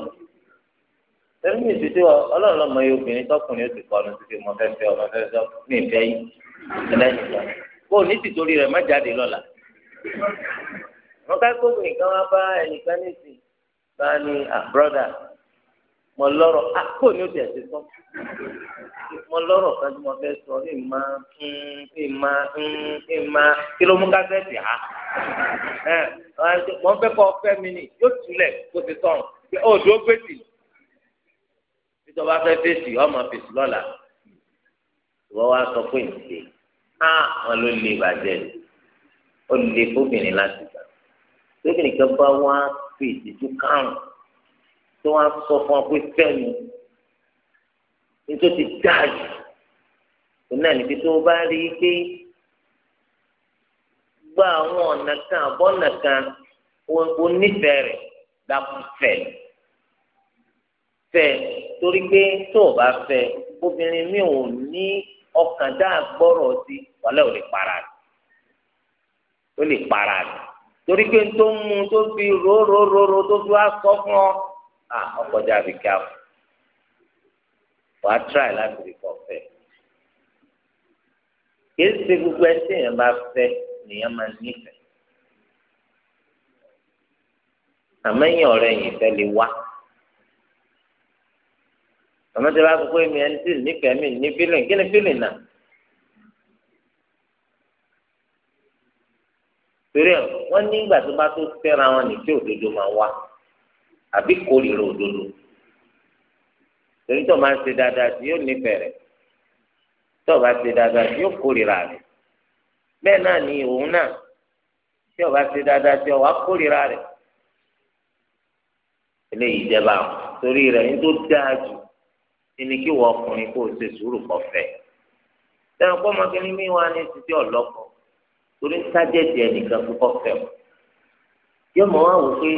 tẹ́lẹ̀ mi ìṣètò ọlọ́run lọ́mọ yìí obìnrin tọkùnrin ó ti kọ́ ọ́nà títí ọmọ fẹ́fẹ́ ọmọ fẹ́fẹ́ ní ìfẹ́ yìí ẹlẹ́yìn lọ kó o ní tìtorí rẹ̀ má jáde lọ́la wọn ká kóbìnrin kan wá bá ẹnìkan ní ìsìn bá ní àbúrọ́dà ah, mo lọ́rọ̀ akó ah, ni ó ti ẹsẹ sọ mo lọ́rọ̀ kan tí mo fẹ́ sọ ní ìmá ìmá ìmá kí ló mú kásẹ̀tì ha mo fẹ́ kọ fẹ́ mi ni yóò túlẹ̀ kó ti tọrùn ó dúró gbèsè ìjọba fẹ́ fèsì ọmọ fèsì lọ́la ìwọ wa sọ pé nìyẹn á wọn ló lè bàjẹ́ ó lè fóbìnrin láti gbà tóbìnrin kan bá wá fèsì tó kárùn tó wá sọ fún ọ pé fẹ́mi nítorí dáa jù òun náà níbi tó bá rí i pé gba àwọn ọ̀nà kan àbọ̀nà kan onífẹ̀ẹ́ rẹ̀ dákun fẹ́ fẹ́ torí pé tó o bá fẹ́ obìnrin mi ò ní ọkàn dáa gbọ́rọ̀ sí wàhálà ò lè para rẹ̀ ó lè para rẹ̀ torí pé tó ń mu tó fi ròóròóròó tó fi wá sọ fún ọ Ah, ọkọjá àbí kí a fò wàá tíráì láti rí kọ fẹ kìí ṣe gbogbo ẹsẹ yẹn bá fẹ nìyẹn máa nífẹ̀ẹ́ àmẹyìn ọ̀rẹ́ yìí fẹ lè wá àmọ́ tí a bá sọ pé mi ẹni tí nífẹ̀ẹ́ mi ní fílìn kí ni fílìn náà. torí ẹ wọn nígbà tó bá tó fẹ́ra wọn ní tí òdodo máa wá àbí kórìíra òdodo torí tó máa ń ṣe dáadáa tí yóò nífẹ̀ẹ́ rẹ̀ tó bá ṣe dáadáa tí yóò kórìíra rẹ̀ bẹ́ẹ̀ náà ni òun náà tí ó bá ṣe dáadáa tí ó wá kórìíra rẹ̀ eléyìí jẹba torí rẹ̀ ní tó dáa jù ẹni kí wọ́n ọkùnrin kó o ṣe sùúrù kọ́ fẹ́ lẹ́yìn pọ́ ọmọkìnrin mi wá ní títí ọ̀lọ́kọ̀ torí ń tájẹ̀dì ẹnìkan kó kọ́ yóò mọ̀ wá wò pé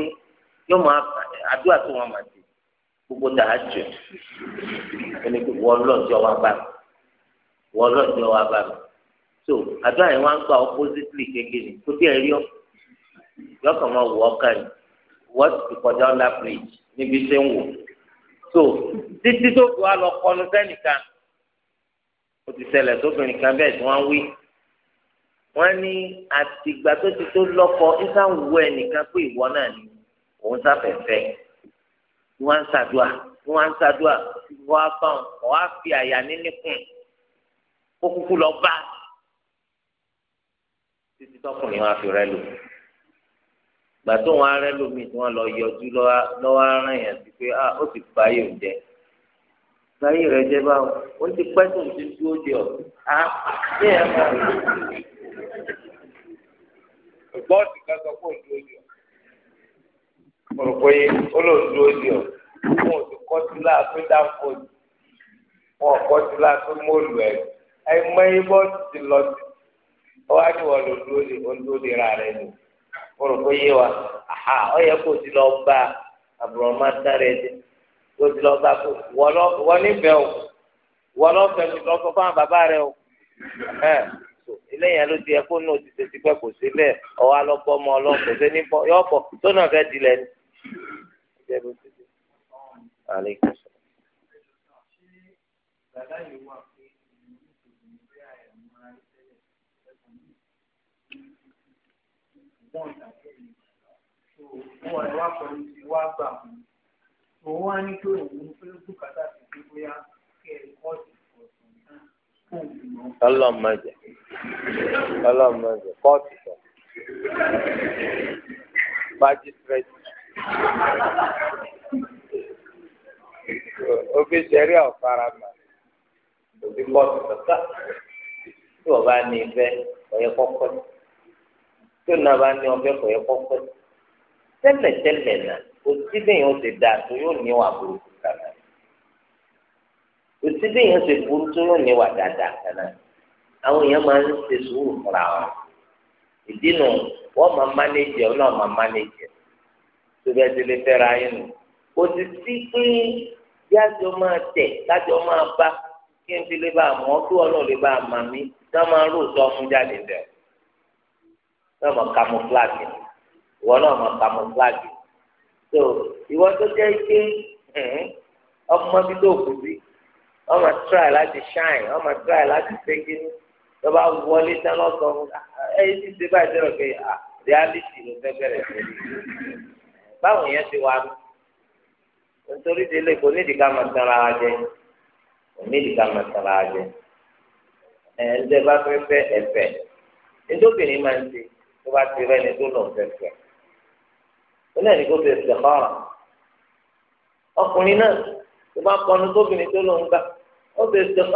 yóò mọ̀ àkàn àdúrà tó wọn máa ti gbogbo tààjù ẹni pé wọ́n lọ́ọ̀dì ọwọ́ bá mi wọ́n lọ́ọ̀dì ọwọ́ bá mi so àdúrà yẹn wá ń gba oppositely kékeré kó tí ẹ rí ọ yọkàn máa wọ ọkàn yìí wọ́n ti kọjá ọ̀la níbi tí ń wò so títí tó fi wá lọ kọnu sẹ́nìkan ó ti ṣẹlẹ̀ sóbìnrin kan bẹ́ẹ̀ tí wọ́n wí wọ́n ní àtìgbà tó ti tó lọ́kọ ń sáwọ́ ẹnìkan pé ìwọ náà ni òun sáfẹ̀fẹ́ wọ́n ń ṣàdúà wọ́n ń ṣàdúà wọ́n á bá wọn wọ́n á fi àyà níní kùn kó kúkú lọ bá títí tọkùnrin wọn á fi rẹ lò gbà tó wọn arẹ lómi tí wọn lọ yọjú lọ́wọ́ aràn yẹn sí pé ah, ó ti bá yóò jẹ báyìí rẹ jẹ báwo ó ti pẹ́ tó ti dúró de ọ á bí ẹ mọ̀. bọ́ọ̀sì kan sọ pé òun dúró de mo rò pé olóòdúró di ọ wọn ò sì kọ́ sí láàfin dáńfọ́ wọn ò kọ́ sí láàfin mọ́ọ̀lù ẹ̀ ẹ̀ mọ ibọ́ ti lọ sí ọwọ́ àdìwọ̀ olóòdúró di olóòdúró di ra rẹ̀ nù mo rò pé yé wa àhà ọ yẹ kó o ti lọ bá àbúrò ọmọ adá dé kó o ti lọ bá kó wọ níbẹ̀ o wọ lọ́fẹ̀ẹ́ mi lọ sọ fún bàbá rẹ o eléyàn ló ti ẹ kó náà ti ṣe ti pẹ́ kò sí lẹ̀ ọwọ́ alọ́gbọ́mọ ọlọ́pọ̀ ṣe ní yọ̀ọ̀pọ̀ tó náà fẹ́ dilẹ̀ ni jẹ́ bó ti jẹ́. Aleykum salaam. Wọ́n Ọlọ́mọdé ọlọ́mọdé kọ́ọ̀tù sọ. Májísírẹ́tì òfin sẹ́rí ọ̀farama òfin kọ́ọ̀tù kàkà tí wọ́n bá ní ibẹ̀ ọ̀yẹ́ kọ́kọ́ tí wọ́n bá ní ọbẹ̀ ọ̀yẹ́ kọ́kọ́ tẹ́lẹ̀tẹ́lẹ̀ náà òtí bẹ́yìn ó ti dáa tó yóò níwà burúkú kàná òtí bẹ́yìn ó ti burú tó yóò níwà dáadáa kàná àwọn èèyàn máa ń ṣe sùúrù fúnra wọn ìdí nu wọ́n máa mánéjì ẹ̀ náà máa mánéjì ẹ̀ síbẹ̀ ti lè fẹ́ra yín nù kò sì sí pé yájọ máa tẹ̀ lájọ máa bá kí n fi lè bá a mọ̀ kí wọn náà lè bá a mọ̀ mí náà máa rò sọ ọmú jáde bẹ̀ náà mọ̀ kamuflagi ìwọ náà mọ̀ kamuflagi so ìwọ tó jẹ́ pé ọmọ bí tó kù sí ọmọ try láti shine ọmọ try láti ṣẹ́gi ní lọ́ba wọlé tán lọ́sọ̀ọ́ ẹ ẹ ti ṣe báyìí tẹ́lọ̀ pé reality ló fẹ́ bẹ̀rẹ̀ sí i. báwọn èèyàn ti wà nítorí délé kò ní ìdíkà máa wa kò ní ìdíkà máa tara onye jẹ ẹ ń bá fẹ́ fẹ́ ẹ̀fẹ̀ nítòbìnrin máa ń ti tó bá ti rẹ́ni tó lọ fẹ́ fẹ́ ó náà ní kó fẹ́ fẹ́ kọ́ ọkùnrin náà tó bá tóbìnrin tó lọ ń gbà ó fẹ́ fẹ́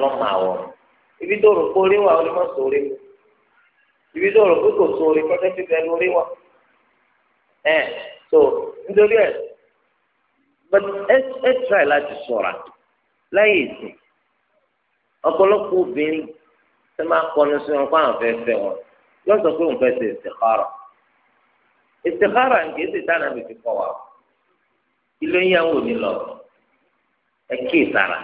kọ́ ibi tó rò pé orí wà orí mọ̀ sórí mu ibi tó rò pé kò sórí kọ́tẹ́ ti bẹ̀rù orí wà ẹ̀ so nítorí ẹ̀ but ẹ ẹ try láti ṣọ́ra láyé ìsìn ọ̀pọ̀lọpọ̀ obìnrin tẹ máa kọnu sí wọn kó àwọn fẹ́ fẹ́ wọn yóò sọ pé òun fẹ́ ṣe ìsìkára ìsìkára nǹkan èsì táwọn àbẹ̀tì kọ wa ilé yẹn wò ní lọ ẹ kí ìsara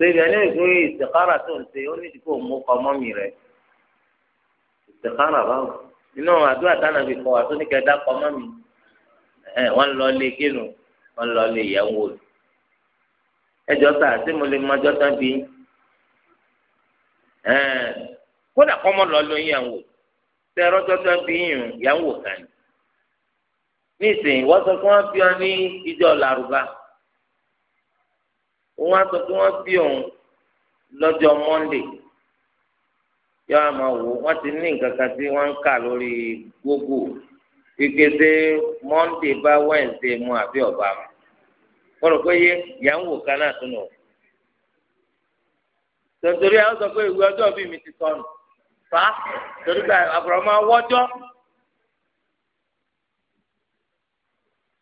sèyí ẹni ìgbé ìsèkára tó ń ṣe ó ní ìdíkò mú kọmọ mi rẹ ìsèkára báwo nínú àdúrà dáná fi kọ àtúntò níkẹ dá kọmọ mi ẹ wọn lọ lé kínu wọn lọ lé yẹwò ẹjọ sá àti mo lè mọjọ tán bí ẹ kódà kọmọ lọ lóyún yẹwò tẹ ẹrọjọ tán bí yìnyín yẹwò kan nísìnyí wọn sọ fún wọn bí wọn ní ìjọ làrúbá òun á sọ pé wọ́n bí òun lọ́jọ́ Monday yóò àmọ́ wò wọ́n ti ní nǹkan kan tí wọ́n ń kà lórí Google wípé ṣé Monday bá Wednesday mu àbí ọ̀bá mu wọ́n rò pé yé ìyá ń wò ká náà tún nù. tòtòrí àwọn sọ pé ìwé ọjọ́ bíi mi ti sọnù fa torí pé àbúrò máa wọ́jọ́.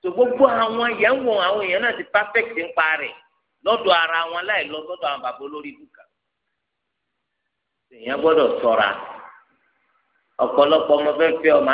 tó gbogbo àwọn ìyẹn wò àwọn èèyàn náà ti perfect ń parẹ́ lọ́dọ̀ ara wọn láì lọ sọ́dọ̀ àwọn bàbá olórí ibùkà èèyàn gbọ́dọ̀ ṣọ́ra ọ̀pọ̀lọpọ̀ ọmọ fẹ́ẹ́ fẹ́ ọmọ